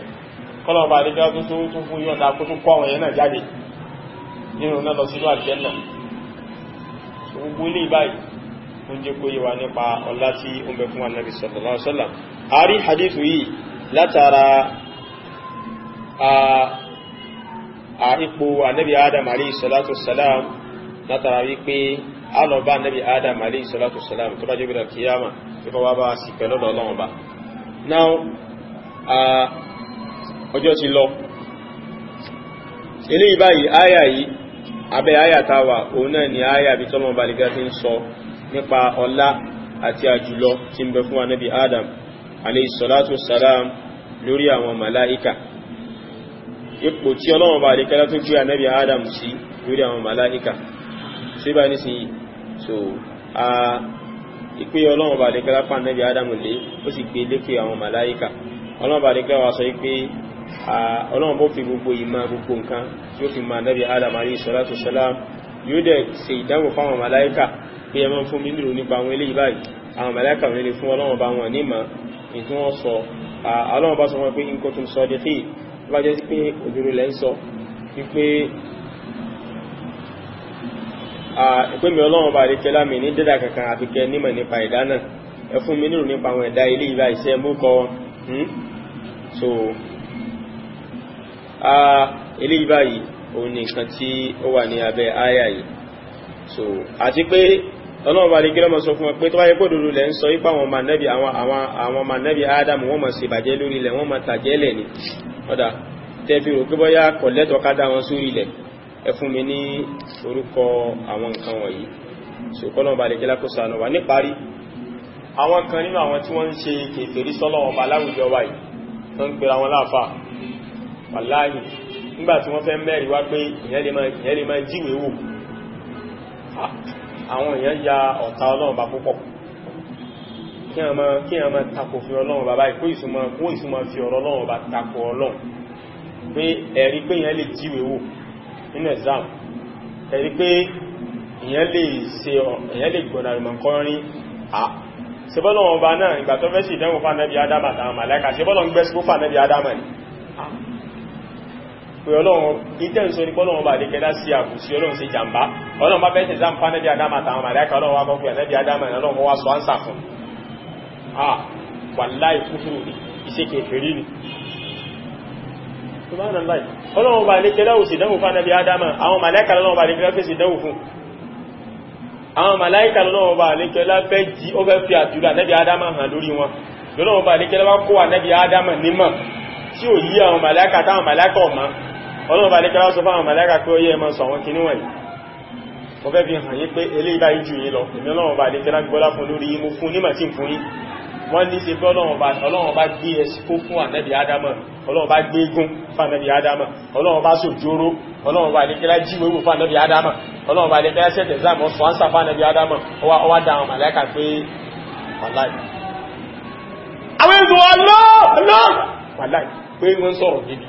náà gbogbo ilé báyìí ó jẹ́ kó yíwa nípa ọlá tí ó bẹ fún annabi sallallahu alaihi wasallam a rí hadithu yìí látara a ipò annabi adam alayhi salatu salam látara wípé alọba annabi adam alayhi salatu salam tó bá jẹ́ bíra kiyama tó bá wá bá sì pẹ̀lú ọlọ́run ba now ọjọ́ ti lọ ilé ìbáyìí abẹ́ ayàtàwà òun náà ni ayà bí tọ́lọ̀ balìgá ti ń sọ nípa ọlá àti àjùlọ tí ń bẹ fún anábi adam aleyhisalatu salam lórí àwọn mala'ika ipò tí ọlọ́wọ̀n balìgá tó gbé anábi adam sí lórí àwọn mala'ika tí bá nísìnyí so a ìpé ọlọ́wọ̀n balìgá lápá anábi adam lé ó sì gbé lékè ọlọ́run bó fi gbogbo ìmọ̀ gbogbo nǹkan yóò fi máa nẹ́bí adam alayhi salatu salam yóò dẹ̀ ṣe ìdánwò fáwọn màláíkà pé ẹ máa fún mi nílò nípa àwọn eléyìí báyìí àwọn màláíkà wọn lè fún ọlọ́run bá wọn ní ìmọ̀ ìtún wọn sọ ọlọ́run bá sọ wọn pé in kuntum sadiqin bá jẹ́ sí pé òdúró lẹ́ ń sọ wípé ìpínmi ọlọ́run bá àdékẹ́ lámì ní dẹ́dà kankan àfikẹ́ nímọ̀ nípa ẹ̀dá náà ẹ fún mi nílò nípa àwọn ẹ̀dá ilé ìbá ìṣẹ́ mú kọ wọn hmm? so a eléyìí báyìí òun ni nǹkan tí ó wà ní abẹ́ àyà yìí so àti pé ọlọ́ọ̀bá lè gílọ́mọ sọ fún wọn pé tó wáyé pé òdodo lẹ́ ń sọ ipá àwọn mànẹ́bí àwọn mànẹ́bí ádámù wọ́n mọ̀ sí ìbàjẹ́ lórí ilẹ̀ wọ́n mọ̀ tàjẹ́ lẹ̀ ni ọ̀dà tẹ́bí rò pé bọ́yá kọ̀lẹ́tọ̀ ká dá wọn sórí ilẹ̀ ẹ fún mi ní orúkọ àwọn nǹkan wọ̀nyí so kọ́lọ́ọ̀bá lè gílá kó sànù wà níparí àwọn kan nínú àwọn tí wọ́n ń ṣe kèfèrí sọ́lọ́ọ̀bá láwùjọ wàláyìn nígbàtí wọ́n fẹ́ mẹ́rin wá pé ìyẹn lè máa jíwèé wò àwọn èèyàn ya ọ̀tá ọlọ́run bá púpọ̀ kí wọ́n máa tako fi ọlọ́run bá báyìí kó ìsúnmọ́ fi ọ̀rọ̀ ọlọ́run bá tako ọlọ́run pé ẹ̀rí pé ìyẹn lè jíwèé wò nínú exam ẹ̀rí pé ìyẹn lè ṣe ìyẹn lè gbọ̀nà ìmọ̀kọrin à ṣebọ́lọ́wọ́n bá náà ìgbà tó fẹ́ sí ìdánwò fà nẹ́bí adama àtàwọn màlẹ́kà ṣebọ́lọ́ ń gbẹ́sí fà adama ni pé ọlọ́run ìtẹ́ǹsọ ní pọ́lọ́run bá dékẹ́dá sí àkùsí ọlọ́run sí jàmbá ọlọ́run bá bẹ́ẹ̀ tẹ̀sán pánẹ́bí adama àtàwọn màláìka ọlọ́run wá kọ́kù ẹ̀nẹ́bí adama ọlọ́run wá sọ ánsà fún ah wàláì kúfùrù ní ìṣèkè fèrí ni ọlọ́run bá dékẹ́dá ò sì dánwò pánẹ́bí adama àwọn màláìka ọlọ́run bá dékẹ́dá fèsì dánwò fún àwọn màláìka ọlọ́run bá dékẹ́dá fẹ́ jí ó fẹ́ fi àdúrà nẹ́bí adama hàn lórí wọn lọ́lọ́run bá dékẹ́dá wá kó wà nẹ́bí adama nímọ̀ tí ò yí àwọn màláìka táwọn màláìka ọ̀mọ́ ọlọ́run bá lè kẹ́lá sọ fáwọn mẹ́lẹ́kà pé ó yẹ ẹmọ sọ àwọn kìnnìwọ̀n yìí mo fẹ́ fi hàn yí pé eléyìí báyìí jù yín lọ èmi ọlọ́run bá lè kẹ́lá gbọ́lá fún lórí mo fún nímọ̀ tí ń fún yín wọ́n ní ṣe pé ọlọ́run bá gbé ẹsì kó fún ànẹ́bì ádámọ̀ ọlọ́run bá gbé egun pé wọ́n sọ̀rọ̀ gidi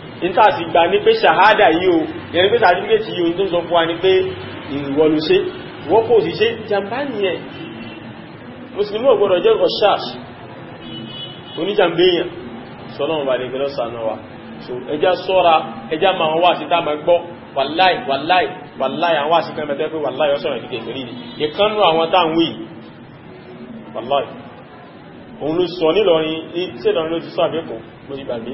níta sì gbà ní pé ṣàhádà yìí o yẹni pé sàtífíkẹ́tì yìí o tó sọ fún wa ní pé ìwọlù ṣe wọ́n kò sì ṣe jàmbá nìyẹn mùsùlùmí ò gbọ́dọ̀ jẹ́ ọ̀ṣàṣ oníjàmbéyàn sọ́lọ́run bá lè gbẹ́lọ́ sànà wa so ẹjá sọ́ra ẹjá ma wọn wá sí tá ma gbọ́ wàláì wàláì wàláì àwọn àti kan mẹ́tẹ́ pé wàláì ọ̀sọ̀rọ̀ ìdíkẹ̀ ìfẹ̀rí ni ìkánú àwọn táwọn yìí wàláì òun ló sọ nílọrin ní sẹ́lọrin ló ti sọ àbẹ́kọ̀ọ́ lórí gbàgbé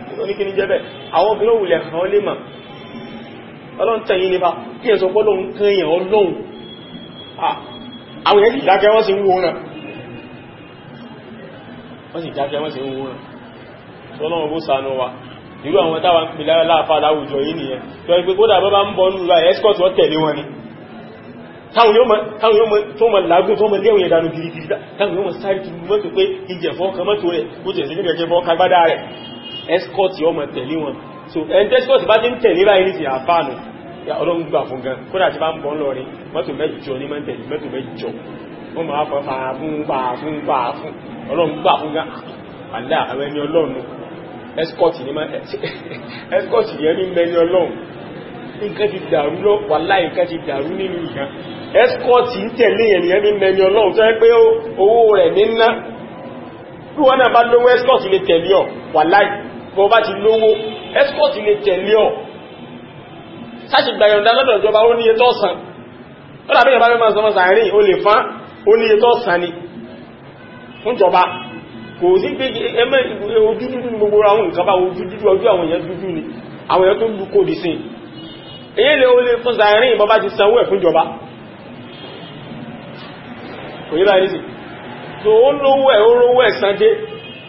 oníkíní jẹ́ bẹ́ẹ̀ àwọn obìnrin òwúlẹ̀ kan lè mà ọlọ́run tẹ̀yìn nípa kí ẹ̀sọ́ pọ́lọ́run kan èèyàn àwọn èèyàn wọ́n sì ń wo ràn irú àwọn táwa ń pè láàfà yìí nìyẹn tó ẹgbẹ́ kódà bọ́ ń bọ́ nù láì wọ́n tẹ̀lé wọn ni táwọn yóò mọ̀ lágún tó mọ̀ léwòye dánú escort yọ mọ̀ tẹ̀lé wọn so ẹni tẹ́síkọ́ọ̀tì bá ti ń tẹ̀lé báyìí ní ti àfáànù ya ọlọ́run gbà fún gan kódà tí bá ń bọ́ ń lọrin mọ́tò mẹ́jọ ní mọ́tò mẹ́tò mẹ́jọ wọ́n máa fọ́ fara fún fún gan àdá àwọn ọlọ́run ẹ́skọ́tì ní ẹ́skọ́tì ní ẹni mẹ́ni mẹ́ni ọlọ́run bó bá ti lówó escort lè tẹ̀lé ọ̀ sáti gbàyọ̀ndà lọ́dọ̀ ìjọba ó níye tó sàn ó dàbí ìyàbá mẹ́mọ̀ sọmọ sàárín ó lè fán ó níye tó sàn ni fún ìjọba kò sí pé ẹmẹ́ ojú dúdú gbogbo àwọn nǹkan bá ojú dúdú ojú àwọn èèyàn dúdú ni àwọn èèyàn tó ń dúkò dì sí èyí lè ó lè fún sàárín bó bá ti sanwó ẹ̀ fún ìjọba kò yí báyìí sí tó ó lówó ẹ̀ ó lówó ẹ̀ sàn dé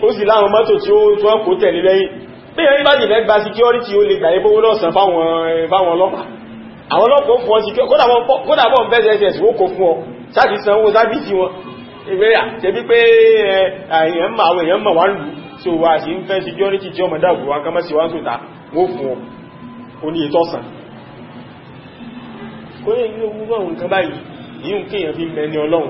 ó sì láwọn mọ́tò tí ó wọ́n kó tẹ̀lé lẹ́yìn bí ẹni bá jìnà gba security ó lè gbà ebówó lọ́sàn eh, fáwọn ọlọ́pàá àwọn ọlọ́pàá fún ọ kódà bọ́n bẹ́sẹ̀ẹ́sẹ̀ ó kó fún ọ sáàtì sanwó sábìtì wọn ìgbéyà tẹ́bí pé eh, èèyàn mọ̀ àwọn èèyàn mọ̀ wá lù tí ó wà sí ń fẹ́ security tí ọmọdé àgbòwà kan mọ́ sí wá ń sòta wó fún ọ ó ní ìtọ́sàn kó ní ìlú ogun ọlọ́run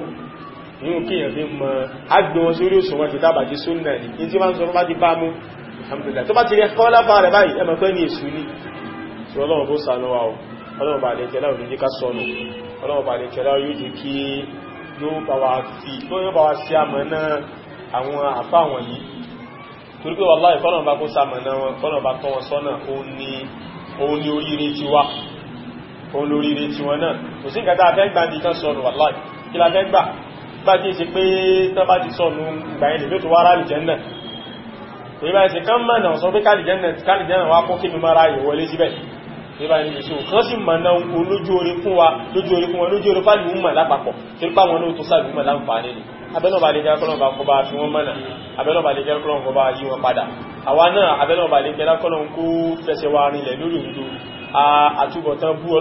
inú kíyàn fi mọ́ agbóhun sórí òṣùwọ́n ti tábà ti súnnà ní tí wọ́n sọ bá ti bá mú alhamdulillah tó bá ti rẹ kọ́ lápá rẹ̀ báyìí ẹmọ̀ pẹ́ ní èṣù ní ọlọ́run bó sànú wa o ọlọ́run bá lè kẹlá òní ká sọnù ọlọ́run bá lè kẹlá yóò jẹ́ kí yóò bá wa fi àmọ̀ náà àwọn àfá wọn yìí torí pé wàláì fọ́nà bá kó sàmọ̀ náà wọn fọ́nà bá tọ́ wọn sọ́nà òun ni oríire ti wá òun lóríire ti wọn náà kò sí nǹkan tá a fẹ́ gbà ní kan sọnù wàláì kí la fẹ́ gbà bá kí ṣe pé tán bá ti sọnù ìgbà ilẹ̀ ló tó wá rá lìjẹ́nà ìbá ẹ̀sẹ̀ kan mọ̀nà sọ pé kálìjẹ́nà wá kó kí mi mara yìí wọlé síbẹ̀ ìbá ẹ̀sẹ̀ so kan sì mọ̀nà olójú orí fún wa lójú orí fún wa lójú orí fálì mọ̀ lápapọ̀ tí ó pàwọn olóòtú sàbí mọ̀ láǹfààní ni abẹ́nàbà lè jẹ́ kọ́lọ̀ bá kọ́ bá fi wọ́n mọ̀nà abẹ́nàbà lè jẹ́ kọ́lọ̀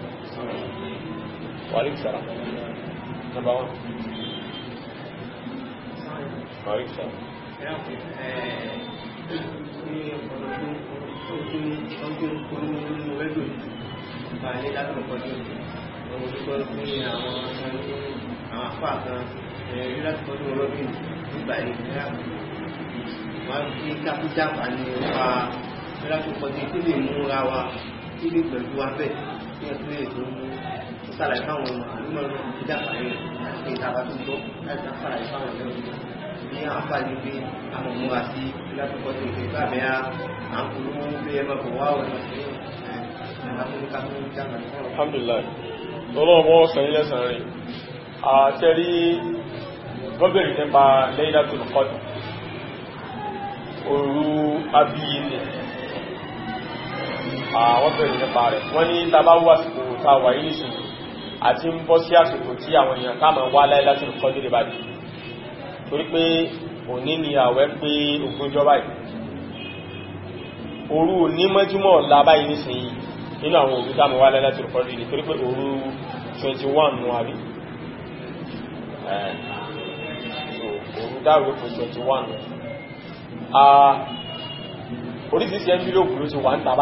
وعليك السلام نمبر 1 وعليك السلام wọ́n fi kápítà pà ní ọ̀pá ẹlẹ́kùnkọ̀dé tí lè mú ra wa tí lè pẹ̀lú afẹ́ tí ẹ̀kùnrin ètò mú ṣàlàyé fáwọn ọmọ àlùmọ̀ náà ti dàgbà yẹn àti ìtàbà tó gbọ́ láti ṣàlàyé fáwọn ọmọ ní àpá ní pé àwọn ọmọ àti ìlàkùkọ tó ìgbé bá bẹ́ẹ̀ à ń polówó pé ẹ máa bọ̀ wá ọ̀nà alhamdulillah ọlọ́ọ̀bọ̀ sàn ilẹ̀ sàn rẹ̀ àtẹ́rí gọ́bẹ̀rẹ̀ nípa lẹ́yìnlá tó lọ́kọ́dù òru abíyí ni àwọn bẹ̀rẹ̀ nípa rẹ̀ wọ́n ní tàbá wà sí kò tàwà ilé ṣùgbọ́n àti ń bọ́ sí àsìkò tí àwọn èèyàn káàmà wá láìláti lè kọjú lè bá dì torí pé òní ni àwẹ̀ pé ogúnjọ́ báyìí òru òní mọ́júmọ́ ọ̀la báyìí nísìnyí nínú àwọn òru káàmà wá láìláti lè kọjú lè torí pé òru 21 nù àbí òru dáàrú 21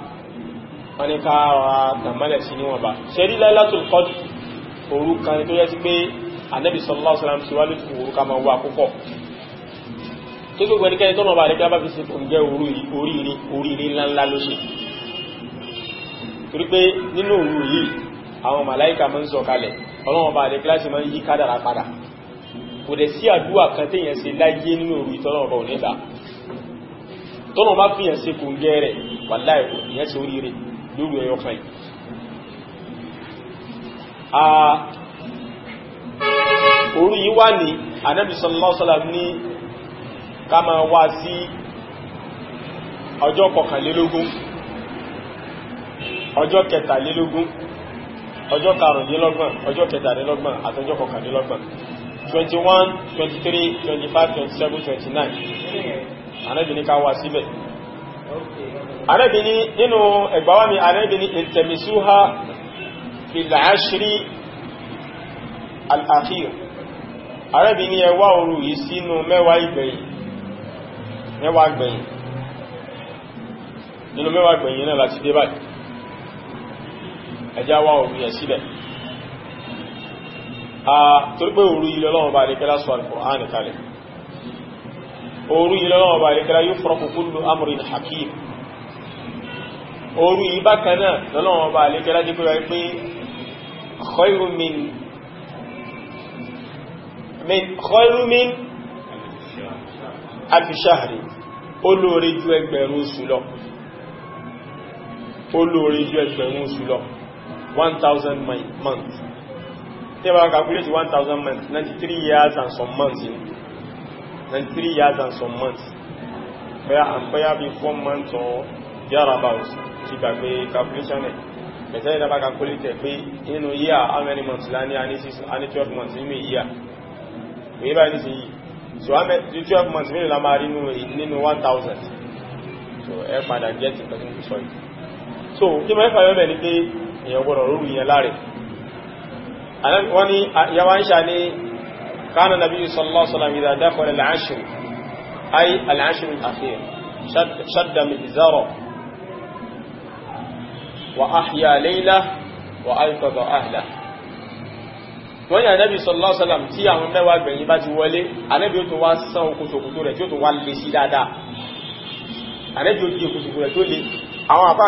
wọ́n ní ká wà tàmálẹ̀ sí níwọ̀n bá ṣe rí Lailatul Qadr òru kan tó yẹ sí pé Ànábì sallallahu alaihi wasallam ti wá lójú òru ká máa wà púpọ̀ tó gbogbo ẹnikẹ́ni tọ́nà bá àdékẹ́ bá fi ṣe kò ń jẹ́ oríire oríire ńláńlá ló ṣe torí pé nínú òru yìí àwọn màláìka máa ń sọ kalẹ̀ ọlọ́wọ́n bá àdékẹ́ lórí ẹyọ kan yìí orí yìí wa ní anábì sallallahu alaihi wasallam ní kọkànlélógún kẹtàlélógún twenty one twenty three twenty 21 23 25 27 29 anábì ní ká síbẹ̀ arabi ni inu ɛgbawa mi arabi ni ntɛmisu ha filaashiri al'akhir arabi ni ɛwa oru yi si inu mɛwa gbɛyin mɛwa gbɛyin inu mɛwa gbɛyin na lati de bai ɛdi awa oru ya si bɛ aa toro pe oru yi lɛ lɔn ba de kɛra sɔri kɔ òru yìí lọ́wọ́ ọba àríkẹ́lá yóò fọ́rọ̀kù kullu amrin hakim òru yìí bákan náà lọ́wọ́ ọba àríkẹ́lá jẹ́ pẹ́wàá pé khayrun min khayrun min alfi shahri olóore ju ẹgbẹ̀rún oṣù lọ olóore ju ẹgbẹ̀rún oṣù lọ 1000 months tí a bá calculate 1000 months 93 years and some months than three years and some months bóyá bóyá bí four months or thereabouts can gbàgbé calculation ẹ̀ bẹ̀sẹ̀ ìdába calculate ẹ̀ in a year how many months Lani, la ní is ní 12 months a year èyí báyìí sí yìí so I'm many 12 months mínú la máa rí nínú 1000 so if I can get it person to sorry so if I have ẹ́fà yọ́bẹ̀ ní pé èèyàn gbọ́dọ̀ lórí ìyẹn láre wọ́n ni yàwá ń ṣà ní كان النبي صلى الله عليه وسلم إذا دخل العشر أي العشر الأخير شد, شد من وأحيا ليلة وأيقظ أهله wọ́n yà nẹ́bí sallallahu alaihi wasallam tí àwọn mẹ́wàá gbẹ̀yìn bá ti wọlé ànẹ́bí ó tó wá sán okùsòkùtò rẹ̀ tí ó tó wá lè sí dáadáa ànẹ́bí ó di okùsòkùtò rẹ̀ tó lè àwọn àpá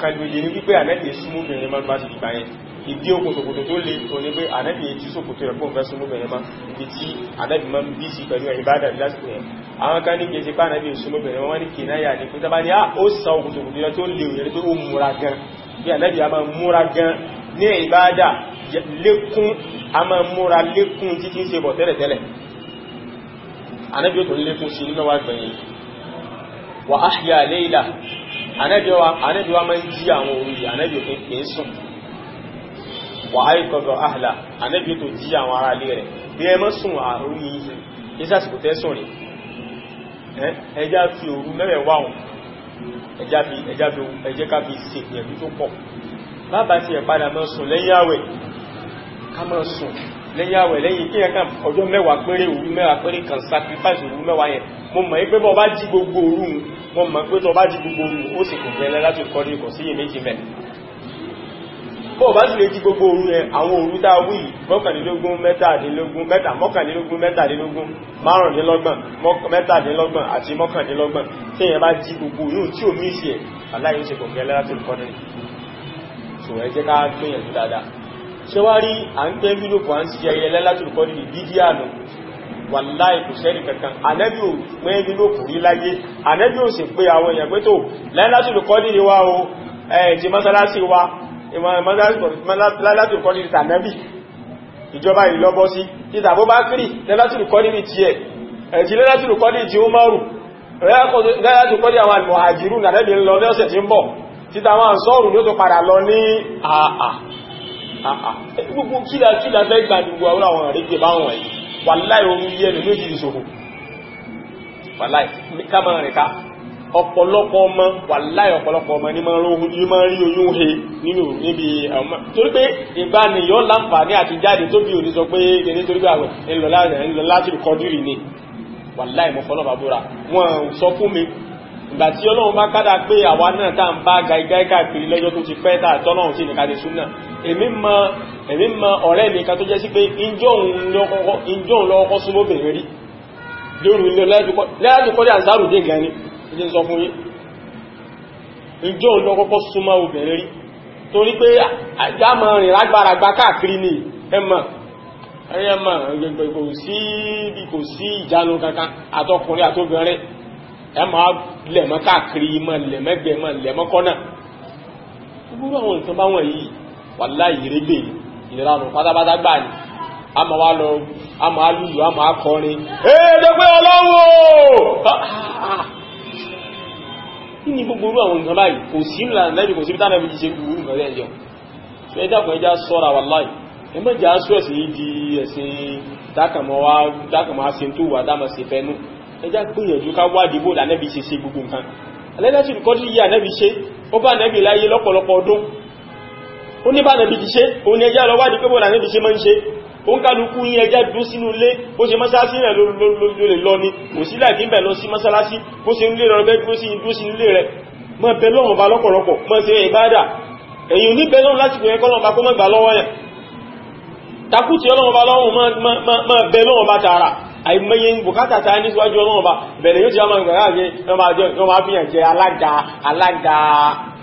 kan ní ní wípé ànẹ́bí súnmú bìnrin mọ́ bá ti gbà yẹn ìdí okùn ṣòkòtò tó le tó ní pé ànábì tí ṣòkòtò rẹ̀ fún fẹ́ súnmọ́ bẹ̀rẹ̀ máa ibi tí ànábì máa ń bí sí pẹ̀lú ìbádà lásìkò yẹn àwọn kan ní kìí sí pé ànábì súnmọ́ bẹ̀rẹ̀ wọ́n ní kìí náyà ní pé tábà ní à ó sa okùn ṣòkòtò rẹ̀ tó le òyẹ̀rẹ̀ pé ó múra gan bí ànábì a máa múra gan ní ìbádà a máa múra lékún títí ń ṣe bọ̀ tẹ́lẹ̀tẹ́lẹ̀ ànábì ó tó lékún sí nínú wa gbẹ̀yìn wà áhìyà léìlà ànábì wa máa ń jí àwọn òru yìí òfin kìí sùn wà á ìkọ̀dọ̀ àhìlà ànẹ́bí tó jí àwọn ará ilé rẹ̀ bí ẹ mọ́sùn àrùn yìí ìsàsìkò tẹ́sùn rí ẹjá fi òru mẹ́rẹ̀wà hùn ẹjẹ́ ká fi ṣe ìyẹ̀bí tó pọ̀ bàbá ti ẹ̀padà mọ́sùn lẹ́yìn àwẹ̀ ká mọ́sùn lẹ́yìn àwẹ̀ lẹ́yìn kí ẹ̀kàn ọjọ́ mẹ́wàá péré òru mẹ́wàá péré kan sacrifice òru mẹ́wàá yẹn mo mọ̀ pé bọ́ bá jí gbogbo òru mo mọ̀ pé tọ́ bá jí gbogbo òru ó sì kò gẹ́lẹ́ láti kọ́ ní ìkọ̀síyè méjì mẹ́rin bọ́ bá sì lè jí gbogbo òru yẹn àwọn òru tá a wí mọ́kànlélógún mẹ́tàdínlógún mẹ́ta mọ́kànlélógún mẹ́tàdínlógún márùndínlọ́gbọ̀n mẹ́tàdínlọ́gbọ̀n àti mọ́kànlélọ́gbọ̀n tí èyàn bá jí gbogbo òru tí ò mísì ẹ̀ aláyọ̀ ṣe kọ̀ọ̀kẹ́ lẹ́láti kọ́ni so ẹ jẹ́ ká gbìyànjú dáadáa ṣé wá rí à ń tẹ́ fídíò kan sí ẹyẹ lẹ́láti kọ́ni bídíànù wàláì kò sẹ́ni kankan ànẹ́bí ò pín ní ló kù rí láyé ànẹ́bí ò sì pé àwọn èèyàn pé tó lẹ́yìn láti lùkọ́ nìyí wá o ẹ̀ẹ́dì mọ́sálásí wa lálátù kọ́ níbi tànẹ́bì ìjọba ìlọ́bọ́ sí títà bó bá kírì lálátù kọ́ níbi tí ẹ̀ ẹ̀tì lálátù kọ́ níbi tí ó márù lálátù kọ́ ní àwọn alìmọ̀hàjìrù nàlẹ́bì lọ ní ọ̀sẹ̀ tí ń bọ̀ títà àwọn àǹsọ́rù ní ó tó padà lọ ní àà gbogbo kílà kílà fẹ́ gbà gbogbo àwọn àwọn àrígbè báwọn ẹ̀ wà láì omi yẹ́ nínú ìdí ìṣòro wà láì ká mọ́ rẹ̀ ká ọ̀pọ̀lọpọ̀ ọmọ wà láì ọ̀pọ̀lọpọ̀ ọmọ ní máa rún ní máa rí oyún he nínú níbi ọmọ torí pé ìbániyọ́ láǹfààní àti jáde tó bí òní sọ pé ẹni torí gbàgbẹ̀ ńlọ láti kọdírì ni wà láì mọ̀fọ́lọ́bà búra wọn sọ fún mi ìgbà tí ọlọ́run bá kádà pé àwa náà tá ń bá gaiga káàkiri lọ́jọ́ tó ti pẹ́ tààtọ́ náà sí nìkan ti súnà èmi mọ èmi mọ ọ̀rẹ́ mi kan tó jẹ́ sí pé ìjọ́ òun lọ́kọ́kọ́ súnmọ́bìnrin rí lórí ilé láti kọ́dí àzárùdé gan ni ilé sọ fún yín ìjọ lọ kọ́kọ́ súnmọ́ obìnrin rí torí pé àjámọ̀ rìn lágbàragbà káàkiri ni ẹmọ̀ ẹyẹmọ̀ kò sí bí kò sí ìjánu kankan àtọkùnrin àtobìnrin ẹmọ̀ lẹ̀mọ́ káàkiri mọ̀ lẹ̀mẹ́gbẹ̀ mọ̀ a ma lọ kí ni gbogbo orú àwọn nǹkan báyìí kò sí ńlá lẹ́bí kò sí tánà bí ṣe gbogbo nǹkan rẹ̀ yọ ṣe ẹjá kan ẹjá sọ́ra wà láì ẹgbẹ́ jà sọ ẹ̀sìn yìí di ẹ̀sìn dákàmọ́ asin tó wà dámọ̀ sí fẹ́nu ẹjá gbìyànjú ká wádìí bó lànẹ́bí ṣe ṣe gbogbo nǹkan alẹ́dẹ́sì kọ́ sí yà nẹ́bí ṣe ó bá nẹ́bí láyé lọ́pọ̀lọpọ̀ ọdún ó ní bá nẹ́bí ti ṣe ó ní ẹjá lọ wádìí pé bó lànẹ́bí ṣe máa ń ṣe ó ń kálukú yí ẹjá dúó sínú ilé bó ṣe mọ́sálásí rẹ̀ lólè lọ ni kò sí láì níbẹ̀ lọ sí mọ́sálásí bó ṣe ń lè rọrọ̀ dúó sí dúó sínú ilé rẹ̀ mọ́ bẹ lọ́rùn bá lọ́pọ̀lọpọ̀ mọ́ ṣe ìbádà èyí ò ní bẹ lọ́rùn láti pèyẹ kọ́lọ́run bá kó mọ́ gbà lọ́wọ́ yẹn takùtì ọlọ́run bá lọ́rùn mọ́ bẹ lọ́rùn bá tààrà àìmọye bùkátà ta ní síwájú ọlọ́run bá bẹ̀rẹ̀ yóò ti wá máa gbàgbà pé wọ́n máa jẹ́ wọ́n máa fi hàn jẹ́ alága alága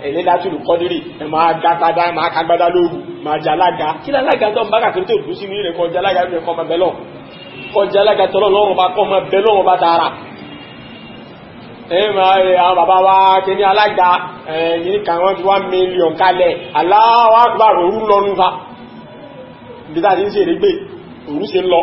ẹ̀lẹ́dàtúlù kọ́dírì ẹ̀ máa gbàtàdá máa kagbádá lóru máa jẹ́ alága kí lálága tó ń bá kàkiri tó dùn sí mi rẹ̀ kọjá alága rẹ̀ kọ́ máa bẹ́ lọ́n kọjá alága tọ́lọ́ lọ́run bá kọ́ máa bẹ́ lọ́run bá tààrà ẹ máa rẹ̀ àwọn bàbá wa ti ní alága ẹ̀yìn kan wọ́n ti wá mílíọ̀n kalẹ̀ aláwọ̀ àgbà òru lọ́nu fa bí táà ti ń ṣe èrè gbé òru ṣe lọ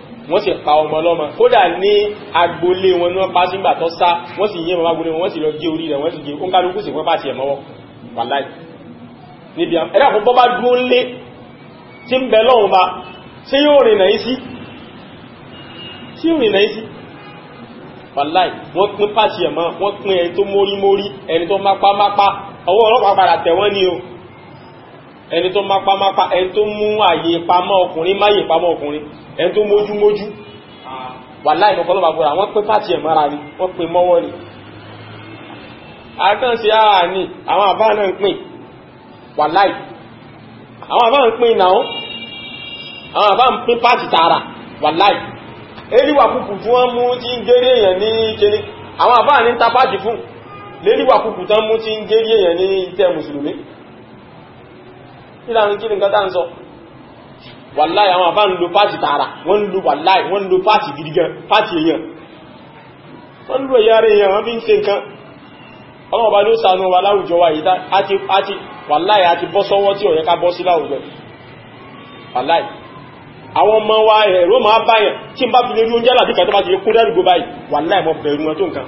wọ́n sì pa ọmọ ọlọ́mọ kódà ní agbolé wọn ní wọ́n pa sí ìgbà tó sá wọ́n sì yé ọmọ agbolé wọn wọ́n sì lọ gé orí rẹ̀ wọ́n sì gé oúnkálukú sì wọ́n bá ti ẹ̀mọ́wọ́ wàláì níbi ẹ̀rọ àkọ́kọ́ bá dúró lé tí ń bẹ lọ́hùn bá ṣé yóò ni ẹni tó mápámápá ẹni tó mú àyè pamọ́ ọkùnrin máyè pamọ́ ọkùnrin ẹni tó mójú mójú wà láì mọ́ kọ́lọ́bà bọ́ra wọ́n pé pàtì ẹ̀ mọ́ra ni wọ́n pe mọ́wọ́ ni àtàn sí ara ni àwọn àbá náà ń pín wà láì àwọn àbá ń pín náà àwọn àbá ń pín pàtì tààrà wà láì eríwà kùkù tí wọ́n mú tí ń gérí èèyàn ní kiri àwọn àbá ní tapájì fún léríwà kùkù tán mú tí ń gérí èèyàn ní ìtẹ́ mùsùlùmí kí láwọn kí ni nǹkan tá à ń sọ wàláì àwọn àbá ń lo páàtì tààrà wọ́n ń lo wàláì wọ́n ń lo páàtì gidi gan páàtì èèyàn wọ́n ń lo ẹ̀yà rẹ̀ èèyàn wọ́n fi ń ṣe nǹkan ọlọ́ọ̀bá ló sànú wa láwùjọ wa yìí àti àti wàláì àti bọ́ sọ́wọ́ tí ó ká bọ́ sí láwùjọ wàláì àwọn ọmọ wa ẹ̀rọ máa báyàn tí n bá fi lè rí oúnjẹ làbíkà tó bá ti kó dárúgbó báyìí wàláì mọ bẹ̀rù wọn tó nǹkan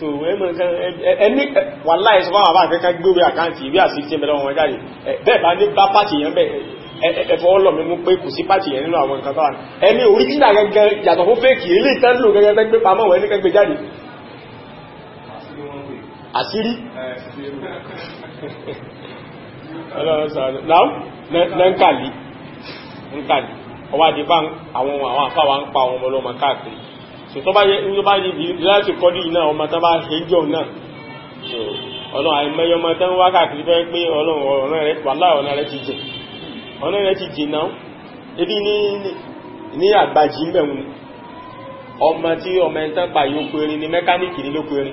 so ẹmọ nǹkan ẹni wàhálà ẹ̀sọ́ fáwọn àbá nǹkan kan gbórí àkáǹtì ìwé àti tí ẹmẹ́lẹ́ wọn jáde bẹ́ẹ̀ bá ní bá pàtì yẹn bẹ́ẹ̀ ẹ̀fọ́ ọlọ́mí mú pé kò sí pàtì yẹn nínú àwọn nǹkan tó wà ẹni oríjìnà gẹ́gẹ́ yàtọ̀ fún fẹ́ẹ̀kì ilé ìtẹ́lò gẹ́gẹ́ tẹ́ gbé pamọ́ ẹni kẹ́gbé jáde àṣírí ọlọ́run sàánú so tó bá yẹ tó bá yẹ láti kọ́dí iná ọmọ tó bá ṣe jọ náà so àìmọye ọmọ tó ń wá káàkiri fẹ́ pé ọlọ́run ọ̀nà rẹ̀ ti jìn ọ̀nà rẹ̀ ti jìn náà ebi ní àgbàjì ń ọmọ tí ọmọ ẹ̀ ń tán pa yóò péré ní mẹ́káníìkì ní ló péré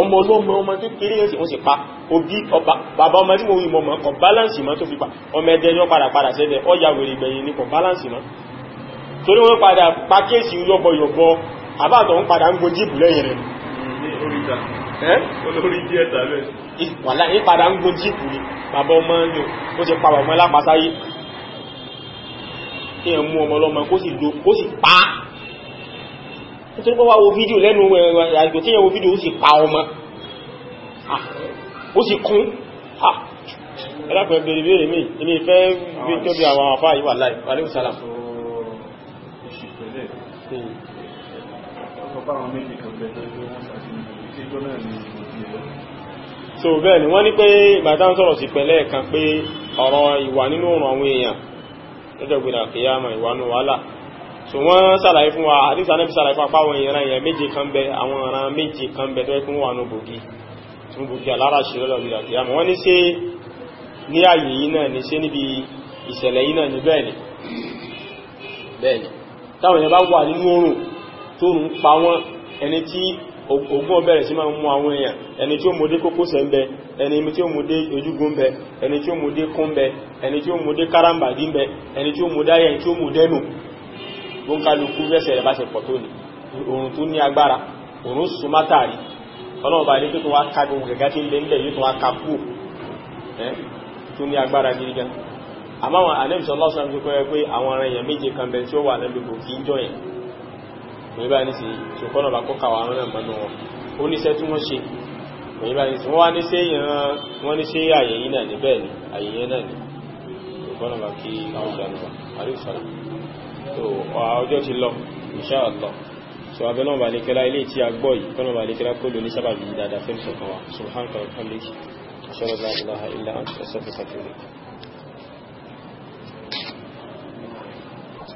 ọmọ ọlọ́mọ ọmọ kékeré wọ́n sì pa òbí bàbá ọmọ tí mo wí mọ̀mọ́ kọ̀ báláǹsì mọ́ tó fi pa ọmọ ẹ̀dẹ́ ni ó padà padà sẹ́dẹ̀ ọjà wèrè gbẹ̀yìn ni kọ̀ báláǹsì mọ́ torí wọ́n padà pa kéèsì yọbọyọbọ àbáàtọ̀ ń padà ń gojí ìbù lẹ́yìn rẹ̀ wàlá ní padà ń gojí ìbù ni bàbá ọmọ ni ó ti pa bàbá ọmọ lápasáyé kí ẹ̀ mú ọmọ ọlọ́mọ kó sì pa á nítorí pọ́wàá wo fídíò lẹ́nu àgbò tí yẹn wo fídíò ó sì pa ọmọ ah, ó sì kún ah, ẹ̀dàpẹ̀ bèèrè bèèrè mi ilé ìfẹ́ bí tóbi àwọn àfá ìwà láì wàlẹ́ òsàlá so bẹ́ẹ̀ ni wọ́n ní pé ìbàdá ń sọ̀rọ̀ sí pẹ̀lẹ́ kan pé ọ̀rọ̀ ìwà nínú ọ̀rọ̀ àwọn èèyàn lọ́jọ́ gbìdà kìyàmọ̀ ìwà nù wàhálà so wọ́n sàlàyé fún wa àdísà náà fi sàlàyé fún apá àwọn ìran èèyàn méje kan bẹ àwọn ìran méje kan bẹ tó ẹ fún wa nù bògì tún bògì alára ṣe lọ́dọ̀ ìlà kìí àmọ́ wọ́n ní ṣe ní ààyè yìí náà ní ṣe níbi ìṣẹ̀lẹ̀ yìí náà ní bẹ́ẹ̀ni bẹ́ẹ̀ni táwọn èèyàn bá wà nínú oòrùn tó ń pa wọ́n ẹni tí ogun ọbẹ̀rẹ̀ sí ó mú ojúgun bẹ ẹni tí ó mú kún bẹ ẹni tí ó mú dé bẹ ẹni tí ó mú dáyẹ tí ó mú dẹnu bó ń kálukú rẹ́sẹ̀ rẹ̀ bá ṣe pọ̀ tó ní oòrùn tó ní agbára oòrùn sùn mátàrí ọlọ́ọ̀bá ilé tó tó wá ká gbogbo gẹ̀gá tí ń lé nílẹ̀ yóò tó wá ká kú ẹ́ tó ní agbára gidi gan àmọ́ àwọn anẹ́bìsọ̀ lọ́sàn tó kọ́yẹ pé àwọn ará èèyàn méje kan ni àyè bá kí àwọn ìgbà nù wà àríwísọ̀rọ̀ tó ọjọ́ ti lọ insha Allah so abẹ́lọ́wọ̀n bá lékẹ́lá ilé tí a gbọ́ yìí kọ́nà bá lékẹ́lá kó lò ní sábàbí dáadáa fẹ́